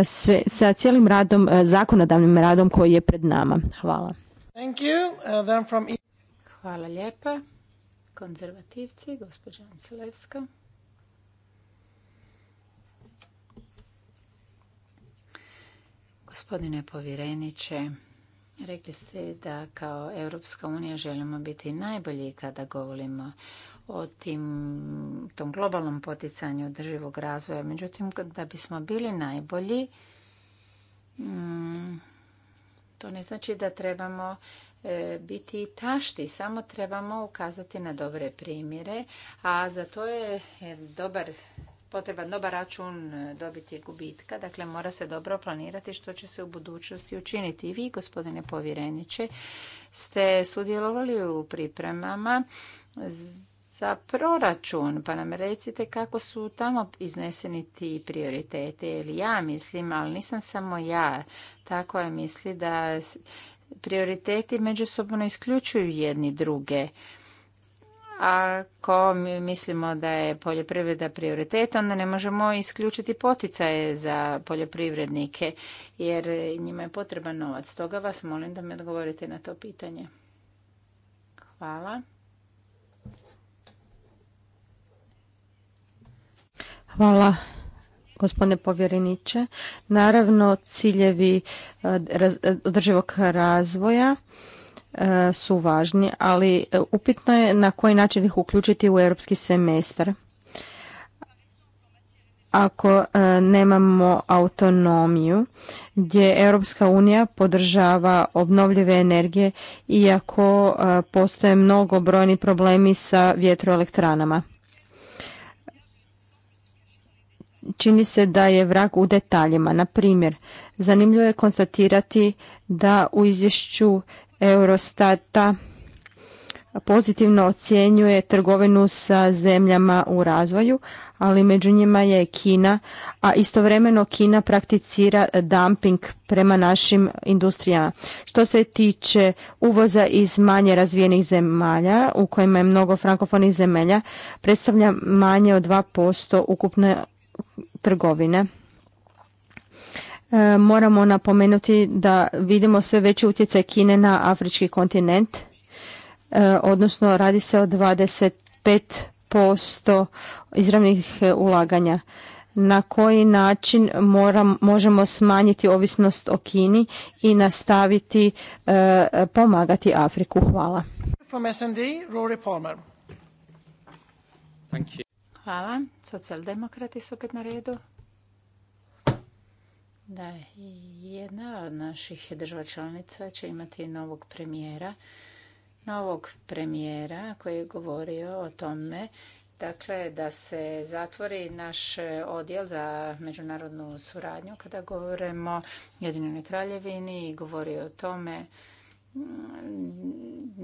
sa, sa cijelim radom, e, zakonodavnim radom koji je pred nama. Hvala. Thank you. Uh, from... E- Hvala lijepa. Konzervativci, gospođa Ancelevska. Gospodine povjereniče, Rekli ste da kao Europska unija želimo biti najbolji kada govorimo o tim, tom globalnom poticanju održivog razvoja. Međutim, da bismo bili najbolji, mm, to ne znači da trebamo e, biti tašti, samo trebamo ukazati na dobre primjere, a za to je dobar potreban dobar račun e, dobiti gubitka, dakle mora se dobro planirati što će se u budućnosti učiniti. I vi, gospodine povjereniče, ste sudjelovali u pripremama za proračun, pa nam recite kako su tamo izneseni ti prioritete. Ili ja mislim, ali nisam samo ja, tako je misli da prioriteti međusobno isključuju jedni druge. Ako mi mislimo da je poljoprivreda prioritet, onda ne možemo isključiti poticaje za poljoprivrednike, jer njima je potreban novac. Stoga vas molim da mi odgovorite na to pitanje. Hvala. Hvala gospodine povjereniče. Naravno, ciljevi eh, održivog razvoja E, su važni, ali e, upitno je na koji način ih uključiti u europski semestar. Ako e, nemamo autonomiju, gdje Europska unija podržava obnovljive energije, iako postoje mnogo brojni problemi sa vjetroelektranama. Čini se da je vrag u detaljima. Na primjer, zanimljivo je konstatirati da u izvješću Eurostata pozitivno ocjenjuje trgovinu sa zemljama u razvoju, ali među njima je Kina, a istovremeno Kina prakticira dumping prema našim industrijama. Što se tiče uvoza iz manje razvijenih zemalja, u kojima je mnogo frankofonih zemalja, predstavlja manje od 2% ukupne trgovine. E, moramo napomenuti da vidimo sve veći utjecaj Kine na afrički kontinent, e, odnosno radi se o 25% izravnih e, ulaganja. Na koji način moram, možemo smanjiti ovisnost o Kini i nastaviti pomagati Afriku? Hvala. Hvala. Socijaldemokrati su opet na redu. Da, jedna od naših država članica će imati novog premijera, novog premijera koji je govorio o tome dakle da se zatvori naš odjel za međunarodnu suradnju kada govorimo o Jedinoj Kraljevini i govori o tome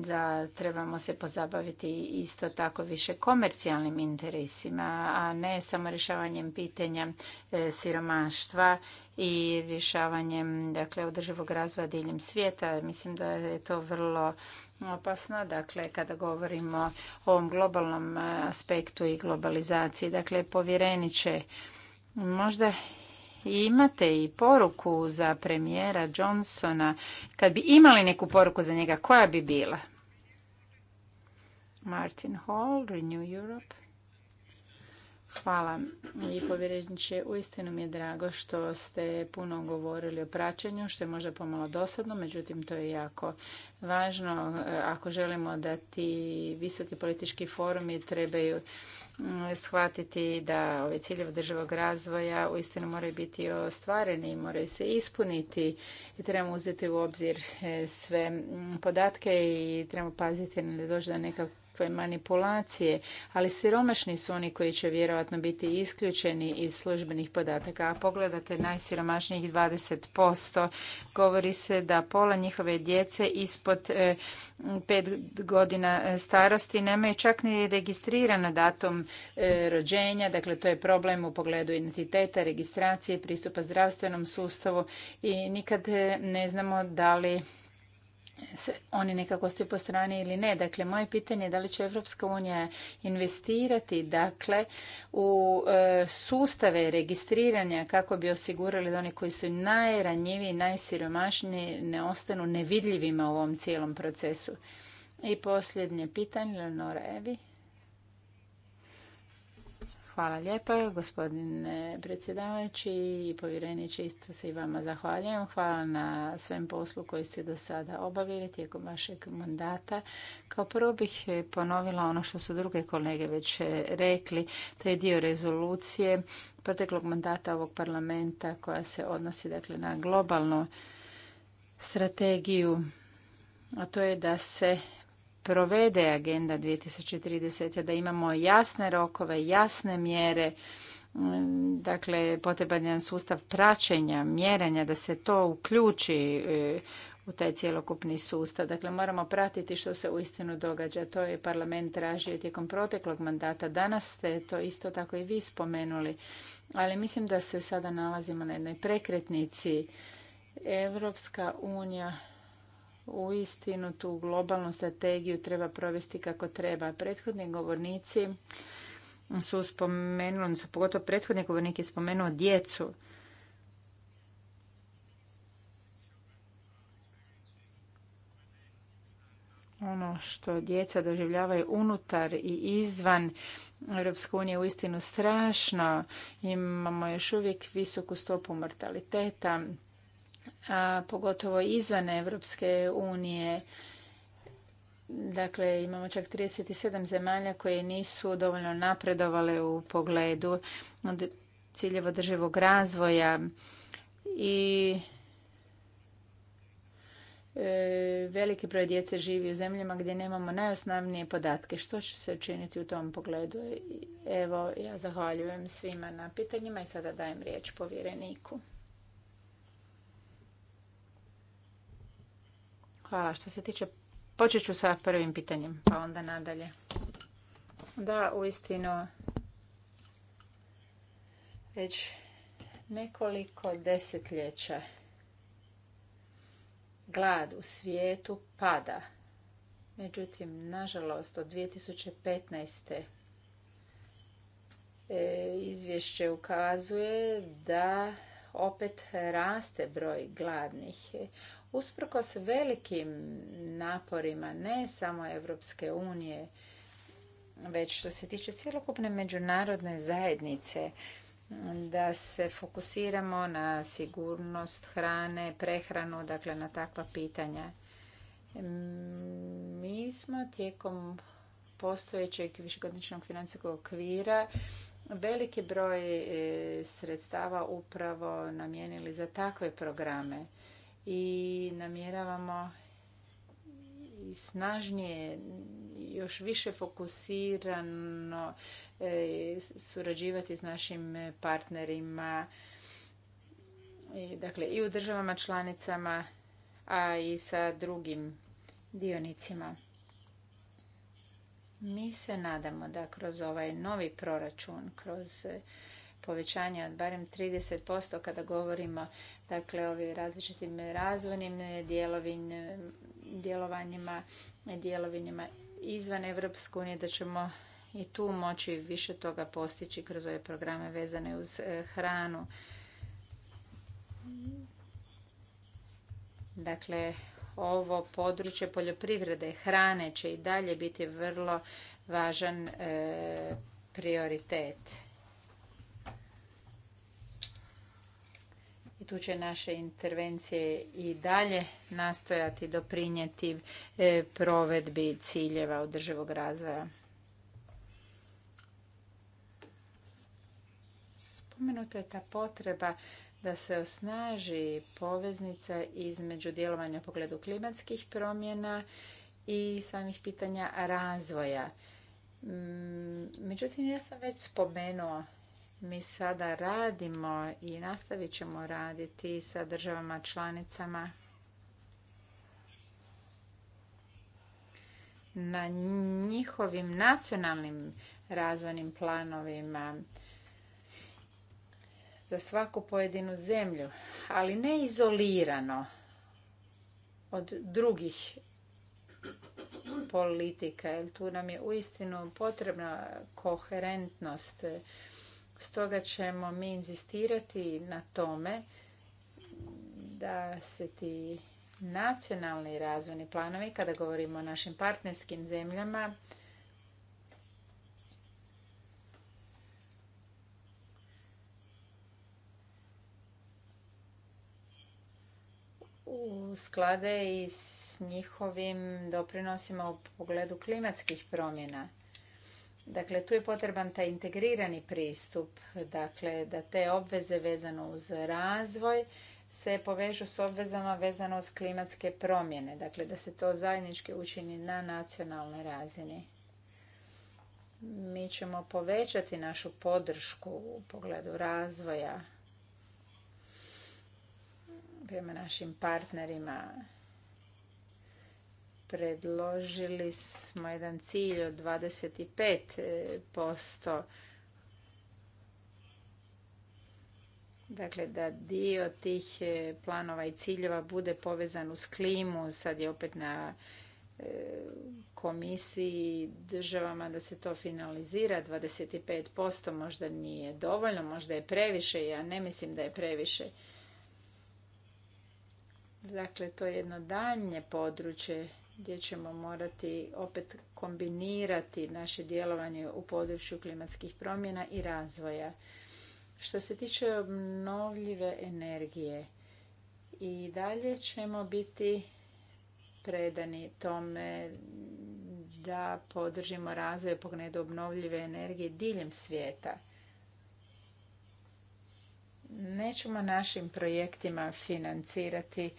da trebamo se pozabaviti isto tako više komercijalnim interesima, a ne samo rješavanjem pitanja e, siromaštva i rješavanjem dakle, održivog razvoja diljem svijeta. Mislim da je to vrlo opasno, dakle, kada govorimo o ovom globalnom e, aspektu i globalizaciji. Dakle, povjereniče, možda imate i poruku za premijera Johnsona. Kad bi imali neku poruku za njega, koja bi bila? Martin Hall, Renew Europe. Hvala i povjereniče, uistinu mi je drago što ste puno govorili o praćenju, što je možda pomalo dosadno, međutim to je jako važno. Ako želimo da ti visoki politički forumi trebaju mm, shvatiti da ove ciljeve državog razvoja uistinu moraju biti ostvareni i moraju se ispuniti i trebamo uzeti u obzir e, sve mm, podatke i trebamo paziti ne dođe do nekakvog manipulacije, ali siromašni su oni koji će vjerojatno biti isključeni iz službenih podataka. A pogledate najsiromašnijih 20%, govori se da pola njihove djece ispod e, pet godina starosti nemaju čak ni registrirana datum e, rođenja, dakle to je problem u pogledu identiteta, registracije, pristupa zdravstvenom sustavu i nikad e, ne znamo da li se oni nekako stoji po strani ili ne. Dakle, moje pitanje je da li će Evropska unija investirati dakle, u e, sustave registriranja kako bi osigurali da oni koji su najranjiviji, najsiromašniji ne ostanu nevidljivima u ovom cijelom procesu. I posljednje pitanje, Lenora Evi. Hvala lijepa, gospodine predsjedavajući i povjereniče, isto se i vama zahvaljujem. Hvala na svem poslu koji ste do sada obavili tijekom vašeg mandata. Kao prvo bih ponovila ono što su druge kolege već rekli, to je dio rezolucije proteklog mandata ovog parlamenta koja se odnosi dakle, na globalnu strategiju, a to je da se provede agenda 2030, da imamo jasne rokove, jasne mjere, mm, dakle potreban je sustav praćenja, mjerenja, da se to uključi e, u taj cjelokupni sustav. Dakle, moramo pratiti što se uistinu događa. To je parlament tražio tijekom proteklog mandata. Danas ste to isto tako i vi spomenuli. Ali mislim da se sada nalazimo na jednoj prekretnici. Evropska unija istinu, tu globalnu strategiju treba provesti kako treba. Prethodni govornici su spomenuli, su pogotovo prethodni govornik je spomenuo djecu. Ono što djeca doživljavaju unutar i izvan Europske unije je uistinu strašno. Imamo još uvijek visoku stopu mortaliteta a pogotovo izvan Europske unije. Dakle, imamo čak 37 zemalja koje nisu dovoljno napredovale u pogledu ciljeva održivog razvoja i e, veliki broj djece živi u zemljama gdje nemamo najosnovnije podatke. Što će se učiniti u tom pogledu? Evo, ja zahvaljujem svima na pitanjima i sada dajem riječ povjereniku. Hvala. Što se tiče, počet ću sa prvim pitanjem, pa onda nadalje. Da, uistinu, već nekoliko desetljeća glad u svijetu pada. Međutim, nažalost, od 2015. E, izvješće ukazuje da opet raste broj gladnih. Usprkos velikim naporima ne samo Evropske unije, već što se tiče cjelokupne međunarodne zajednice, da se fokusiramo na sigurnost hrane, prehranu, dakle na takva pitanja. Mm, mi smo tijekom postojećeg višegodišnjeg financijskog okvira veliki broj e, sredstava upravo namijenili za takve programe i namjeravamo i snažnije, još više fokusirano e, surađivati s našim partnerima, e, dakle i u državama članicama, a i sa drugim dionicima. Mi se nadamo da kroz ovaj novi proračun, kroz povećanja od barem 30% kada govorimo dakle, o različitim razvojnim djelovanjima, djelovanjima izvan Evropsku, unije, da ćemo i tu moći više toga postići kroz ove programe vezane uz e, hranu. Dakle, ovo područje poljoprivrede hrane će i dalje biti vrlo važan e, prioritet. tu će naše intervencije i dalje nastojati doprinijeti e, provedbi ciljeva održivog razvoja. Spomenuta je ta potreba da se osnaži poveznica između djelovanja u pogledu klimatskih promjena i samih pitanja razvoja. Međutim, ja sam već spomenuo mi sada radimo i nastavit ćemo raditi sa državama članicama na njihovim nacionalnim razvojnim planovima za svaku pojedinu zemlju, ali ne izolirano od drugih politika, jer tu nam je uistinu potrebna koherentnost Stoga ćemo mi inzistirati na tome da se ti nacionalni razvojni planovi, kada govorimo o našim partnerskim zemljama, sklade i s njihovim doprinosima u pogledu klimatskih promjena. Dakle, tu je potreban taj integrirani pristup, dakle, da te obveze vezano uz razvoj se povežu s obvezama vezano uz klimatske promjene, dakle, da se to zajednički učini na nacionalnoj razini. Mi ćemo povećati našu podršku u pogledu razvoja prema našim partnerima predložili smo jedan cilj od 25%. Dakle, da dio tih e, planova i ciljeva bude povezan uz klimu. Sad je opet na e, komisiji državama da se to finalizira. 25% možda nije dovoljno, možda je previše. Ja ne mislim da je previše. Dakle, to je jedno daljnje područje gdje ćemo morati opet kombinirati naše djelovanje u području klimatskih promjena i razvoja. Što se tiče obnovljive energije, i dalje ćemo biti predani tome da podržimo razvoj pogledu obnovljive energije diljem svijeta. Nećemo našim projektima financirati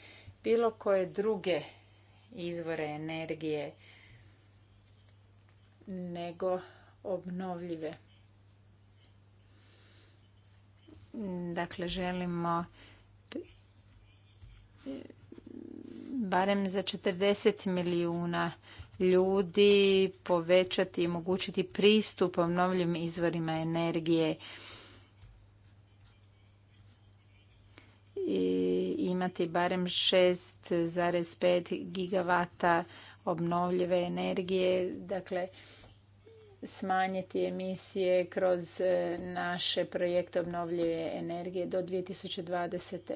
bilo koje druge izvore energije nego obnovljive. Dakle, želimo barem za 40 milijuna ljudi povećati i omogućiti pristup obnovljivim izvorima energije. I imati barem 6,5 gigavata obnovljive energije, dakle smanjiti emisije kroz e, naše projekte obnovljive energije do 2020.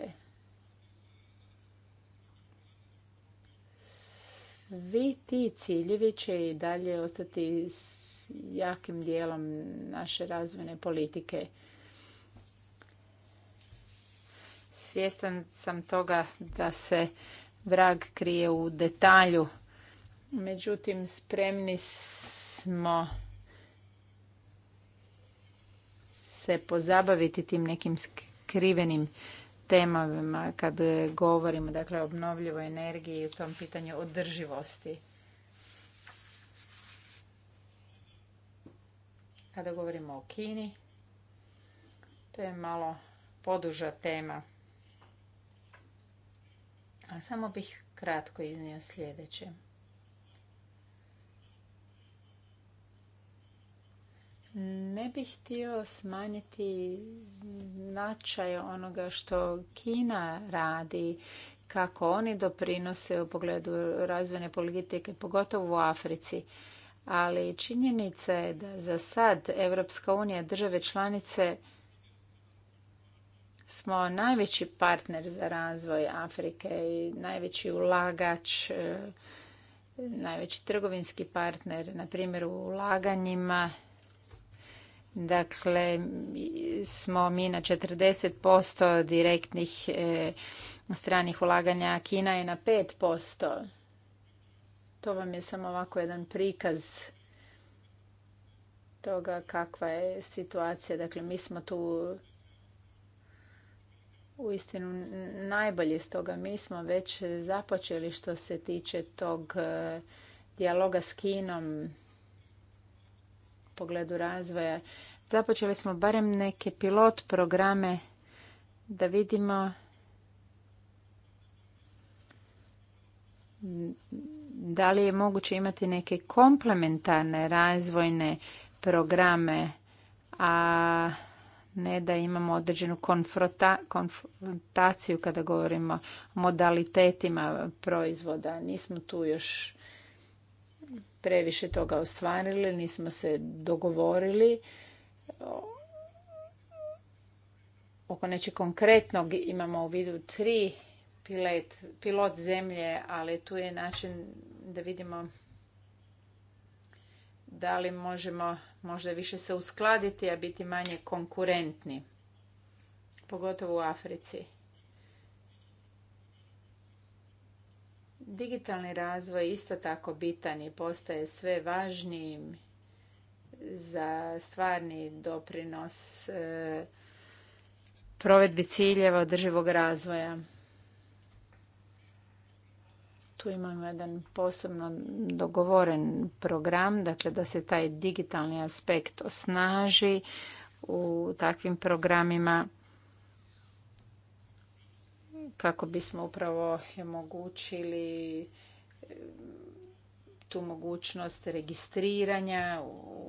Vi ti ciljevi će i dalje ostati jakim dijelom naše razvojne politike. Svjestan sam toga da se vrag krije u detalju. Međutim, spremni smo se pozabaviti tim nekim skrivenim temama kad govorimo dakle, o obnovljivoj energiji i u tom pitanju održivosti. Kada govorimo o Kini, to je malo poduža tema. A samo bih kratko iznio sljedeće. Ne bih htio smanjiti značaj onoga što Kina radi, kako oni doprinose u pogledu razvojne politike, pogotovo u Africi. Ali činjenica je da za sad Evropska unija, države članice smo najveći partner za razvoj Afrike i najveći ulagač, e, najveći trgovinski partner, na primjer u ulaganjima. Dakle, smo mi na 40% direktnih e, stranih ulaganja, a Kina je na 5%. To vam je samo ovako jedan prikaz toga kakva je situacija. Dakle, mi smo tu uistinu najbolje, stoga mi smo već započeli što se tiče tog e, dijaloga s Kinom u pogledu razvoja. Započeli smo barem neke pilot programe da vidimo da li je moguće imati neke komplementarne razvojne programe, a ne da imamo određenu konfrontaciju kada govorimo o modalitetima proizvoda. Nismo tu još previše toga ostvarili, nismo se dogovorili oko nečeg konkretnog imamo u vidu tri pilot zemlje, ali tu je način da vidimo da li možemo možda više se uskladiti, a biti manje konkurentni? Pogotovo u Africi. Digitalni razvoj je isto tako bitan i postaje sve važnijim za stvarni doprinos e, provedbi ciljeva održivog razvoja. Tu imamo jedan posebno dogovoren program, dakle da se taj digitalni aspekt osnaži u takvim programima kako bismo upravo omogućili eh, tu mogućnost registriranja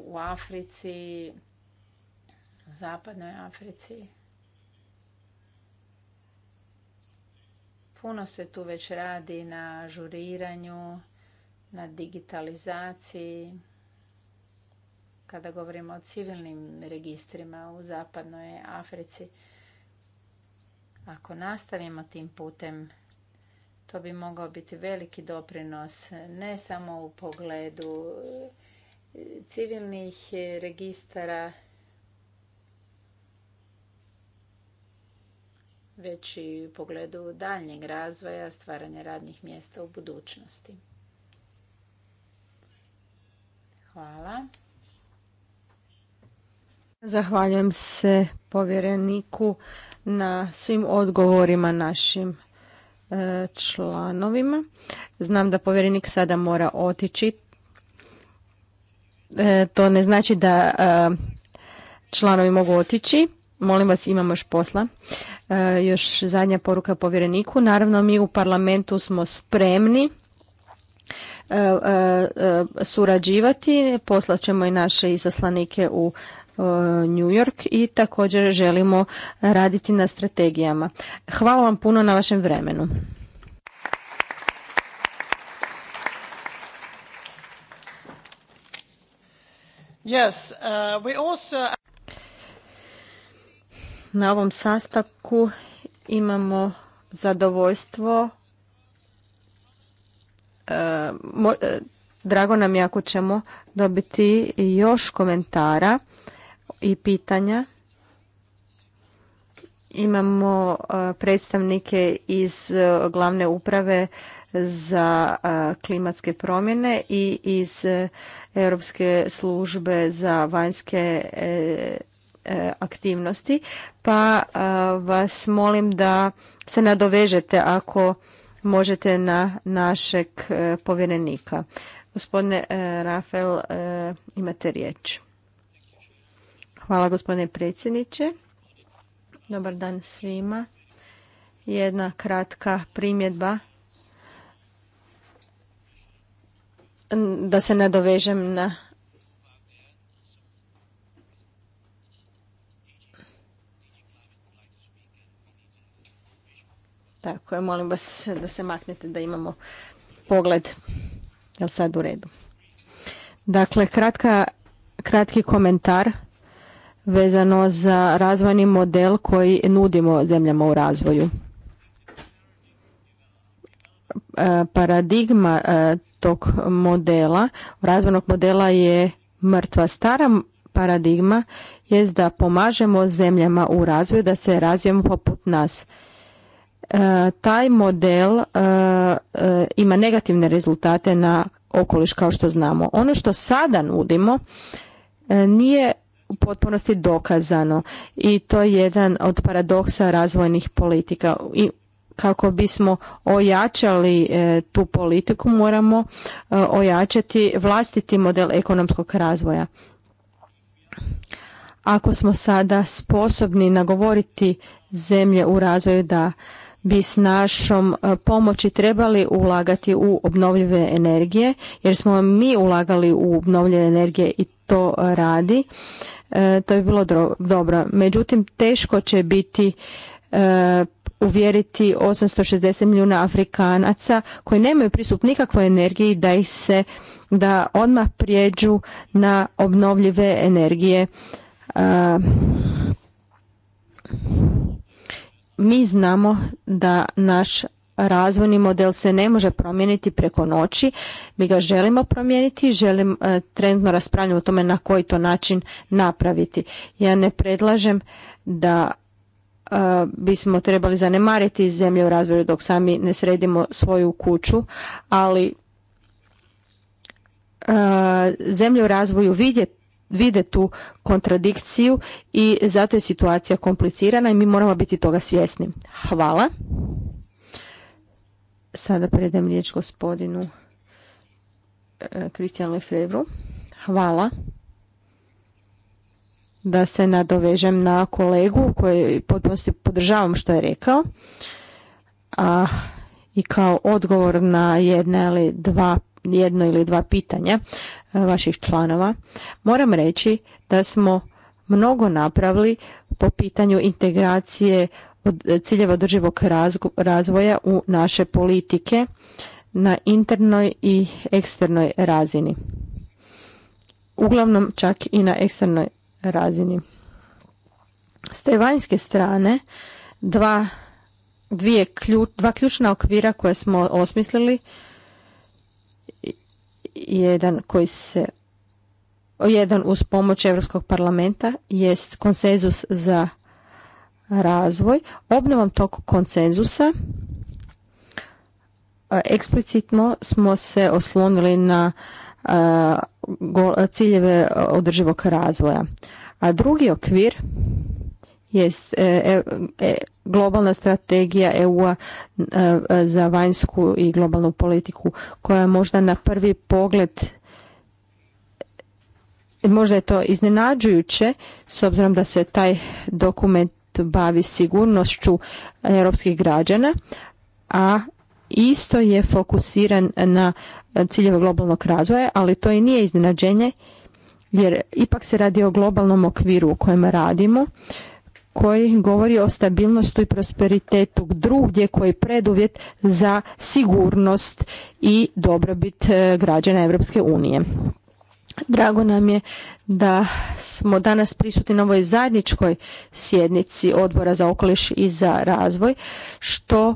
u Africi, u zapadnoj Africi. Puno se tu već radi na žuriranju, na digitalizaciji. Kada govorimo o civilnim registrima u zapadnoj Africi, ako nastavimo tim putem, to bi mogao biti veliki doprinos ne samo u pogledu e, civilnih e, registara već i u pogledu daljnjeg razvoja stvaranja radnih mjesta u budućnosti. Hvala. Zahvaljujem se povjereniku na svim odgovorima našim e, članovima. Znam da povjerenik sada mora otići. E, to ne znači da e, članovi mogu otići. Molim vas, imamo još posla. E, još zadnja poruka povjereniku. Naravno, mi u parlamentu smo spremni e, e, surađivati, poslat ćemo i naše izaslanike u New York i također želimo raditi na strategijama. Hvala vam puno na vašem vremenu. Yes, uh, we also... Na ovom sastanku imamo zadovoljstvo. E, e, drago nam je ako ćemo dobiti još komentara i pitanja. Imamo e, predstavnike iz glavne uprave za klimatske promjene i iz Europske službe za vanjske aktivnosti, pa vas molim da se nadovežete ako možete na našeg e, povjerenika. Gospodine e, Rafael, e, imate riječ. Hvala gospodine predsjedniče. Dobar dan svima. Jedna kratka primjedba da se nadovežem na Tako je, molim vas da se maknete da imamo pogled. Jel sad u redu? Dakle, kratka, kratki komentar vezano za razvojni model koji nudimo zemljama u razvoju. E, paradigma e, tog modela, razvojnog modela je mrtva. Stara paradigma je da pomažemo zemljama u razvoju da se razvijemo poput nas E, taj model e, e, ima negativne rezultate na okoliš kao što znamo. Ono što sada nudimo nije u potpunosti dokazano i to je jedan od paradoksa razvojnih politika. I kako bismo ojačali tu politiku moramo ojačati vlastiti model ekonomskog razvoja. Ako smo sada sposobni nagovoriti zemlje u razvoju da bi s našom e, pomoći trebali ulagati u obnovljive energije, jer smo mi ulagali u obnovljive energije i to radi. E, to bi bilo dobro. Međutim, teško će biti e, uvjeriti 860 milijuna Afrikanaca koji nemaju pristup nikakvoj energiji da ih se da odmah prijeđu na obnovljive energije mi znamo da naš razvojni model se ne može promijeniti preko noći. Mi ga želimo promijeniti, želim e, trenutno raspravljati o tome na koji to način napraviti. Ja ne predlažem da e, bismo trebali zanemariti zemlje u razvoju dok sami ne sredimo svoju kuću, ali e, zemlje u razvoju vidjeti vide tu kontradikciju i zato je situacija komplicirana i mi moramo biti toga svjesni. Hvala. Sada predam riječ gospodinu Kristijanu e, Lefrevru. Hvala da se nadovežem na kolegu koji potpunosti podržavam što je rekao. A, I kao odgovor na jedna ili dva jedno ili dva pitanja e, vaših članova. Moram reći da smo mnogo napravili po pitanju integracije ciljeva održivog razvoja u naše politike na internoj i eksternoj razini. Uglavnom čak i na eksternoj razini. S te vanjske strane dva, dvije, dva ključna okvira koje smo osmislili jedan koji se jedan uz pomoć Europskog parlamenta jest konsenzus za razvoj. Obnovom tog konsenzusa eksplicitno smo se oslonili na ciljeve održivog razvoja. A drugi okvir jest e, e, e, globalna strategija EU-a za vanjsku i globalnu politiku koja možda na prvi pogled možda je to iznenađujuće s obzirom da se taj dokument bavi sigurnošću europskih građana, a isto je fokusiran na ciljeve globalnog razvoja, ali to i nije iznenađenje jer ipak se radi o globalnom okviru u kojem radimo koji govori o stabilnosti i prosperitetu drugdje koji je preduvjet za sigurnost i dobrobit e, građana Europske unije. Drago nam je da smo danas prisutni na ovoj zajedničkoj sjednici Odbora za okoliš i za razvoj, što e,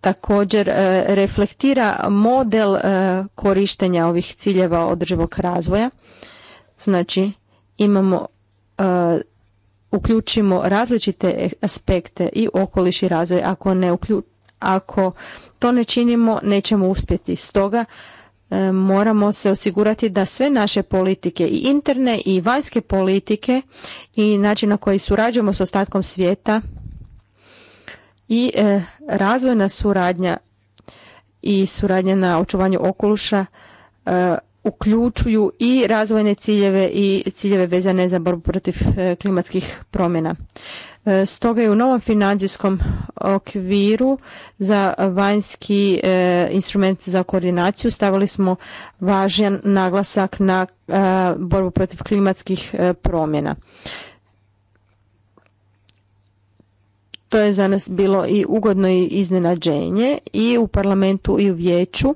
također e, reflektira model korištenja ovih ciljeva održivog razvoja. Znači, imamo uključimo različite aspekte i okoliš i razvoj. Ako, ne uklju... Ako to ne činimo, nećemo uspjeti. Stoga e, moramo se osigurati da sve naše politike i interne i vanjske politike i način na koji surađujemo s ostatkom svijeta i e, razvojna suradnja i suradnja na očuvanju okoluša, e, uključuju i razvojne ciljeve i ciljeve vezane za borbu protiv e, klimatskih promjena. E, stoga je u novom financijskom okviru za vanjski e, instrument za koordinaciju stavili smo važan naglasak na borbu protiv klimatskih promjena. To je za nas bilo i ugodno i iznenađenje i u parlamentu i u vijeću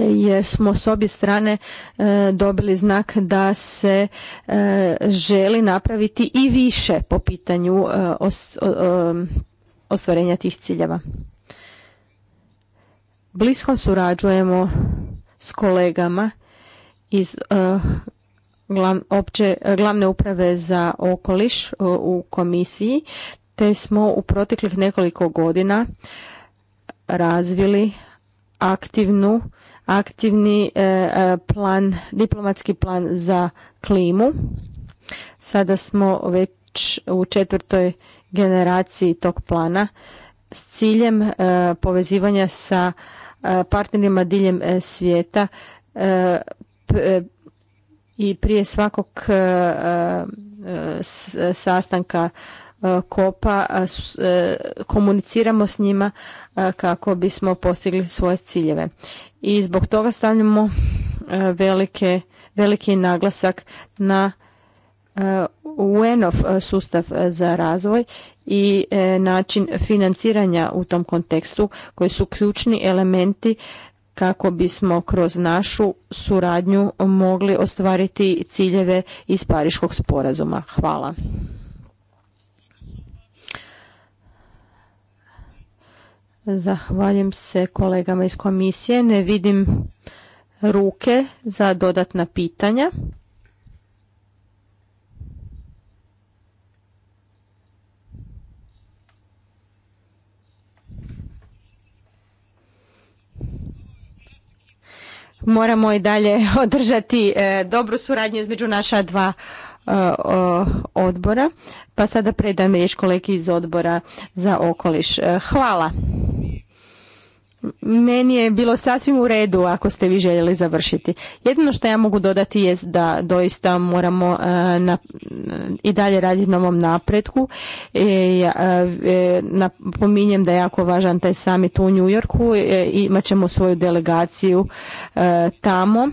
jer smo s obje strane e, dobili znak da se e, želi napraviti i više po pitanju e, ostvarenja tih ciljeva. Blisko surađujemo s kolegama iz opće, glavne uprave za okoliš u komisiji, te smo u proteklih nekoliko godina razvili aktivnu aktivni e, e, plan, diplomatski plan za klimu. Sada smo već u četvrtoj generaciji tog plana s ciljem e, povezivanja sa partnerima diljem svijeta i prije svakog sastanka E, kopa e, komuniciramo s njima e, kako bismo postigli svoje ciljeve. I zbog toga stavljamo velike, veliki naglasak na UN-ov sustav za razvoj i način financiranja u tom kontekstu koji su ključni elementi kako bismo kroz našu suradnju mogli ostvariti ciljeve iz Pariškog sporazuma. Hvala. Zahvaljujem se kolegama iz komisije. Ne vidim ruke za dodatna pitanja. Moramo i dalje održati e, dobru suradnju između naša dva e, odbora. Pa sada predam riječ kolegi iz odbora za okoliš. E, hvala meni je bilo sasvim u redu ako ste vi željeli završiti. Jedino što ja mogu dodati je da doista moramo e, na, i dalje raditi na ovom napretku. E, e, e, napominjem da je jako važan taj summit u New Yorku. Imat ćemo svoju delegaciju tamo.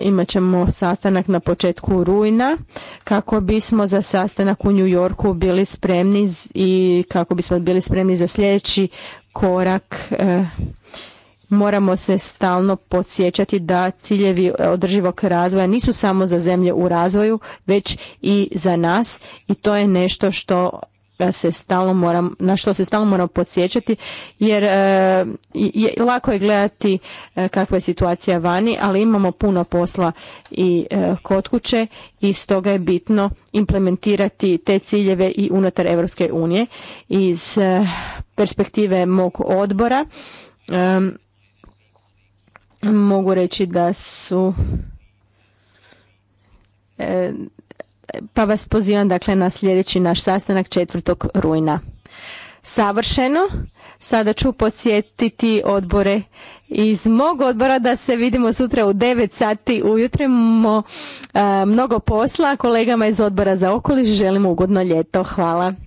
Imat ćemo sastanak na početku rujna kako bismo za sastanak u New Yorku bili spremni i kako bismo bili spremni za sljedeći korak. E, moramo se stalno podsjećati da ciljevi održivog razvoja nisu samo za zemlje u razvoju, već i za nas i to je nešto što se stalno moram, na što se stalno moram podsjećati jer je, lako je gledati e, kakva je situacija vani, ali imamo puno posla i e, kod kuće i stoga je bitno implementirati te ciljeve i unutar Europske unije. Iz e, perspektive mog odbora mogu reći da su pa vas pozivam dakle na sljedeći naš sastanak 4. rujna. Savršeno. Sada ću podsjetiti odbore iz mog odbora da se vidimo sutra u 9 sati ujutro. Imamo e, mnogo posla. Kolegama iz odbora za okoliš želimo ugodno ljeto. Hvala.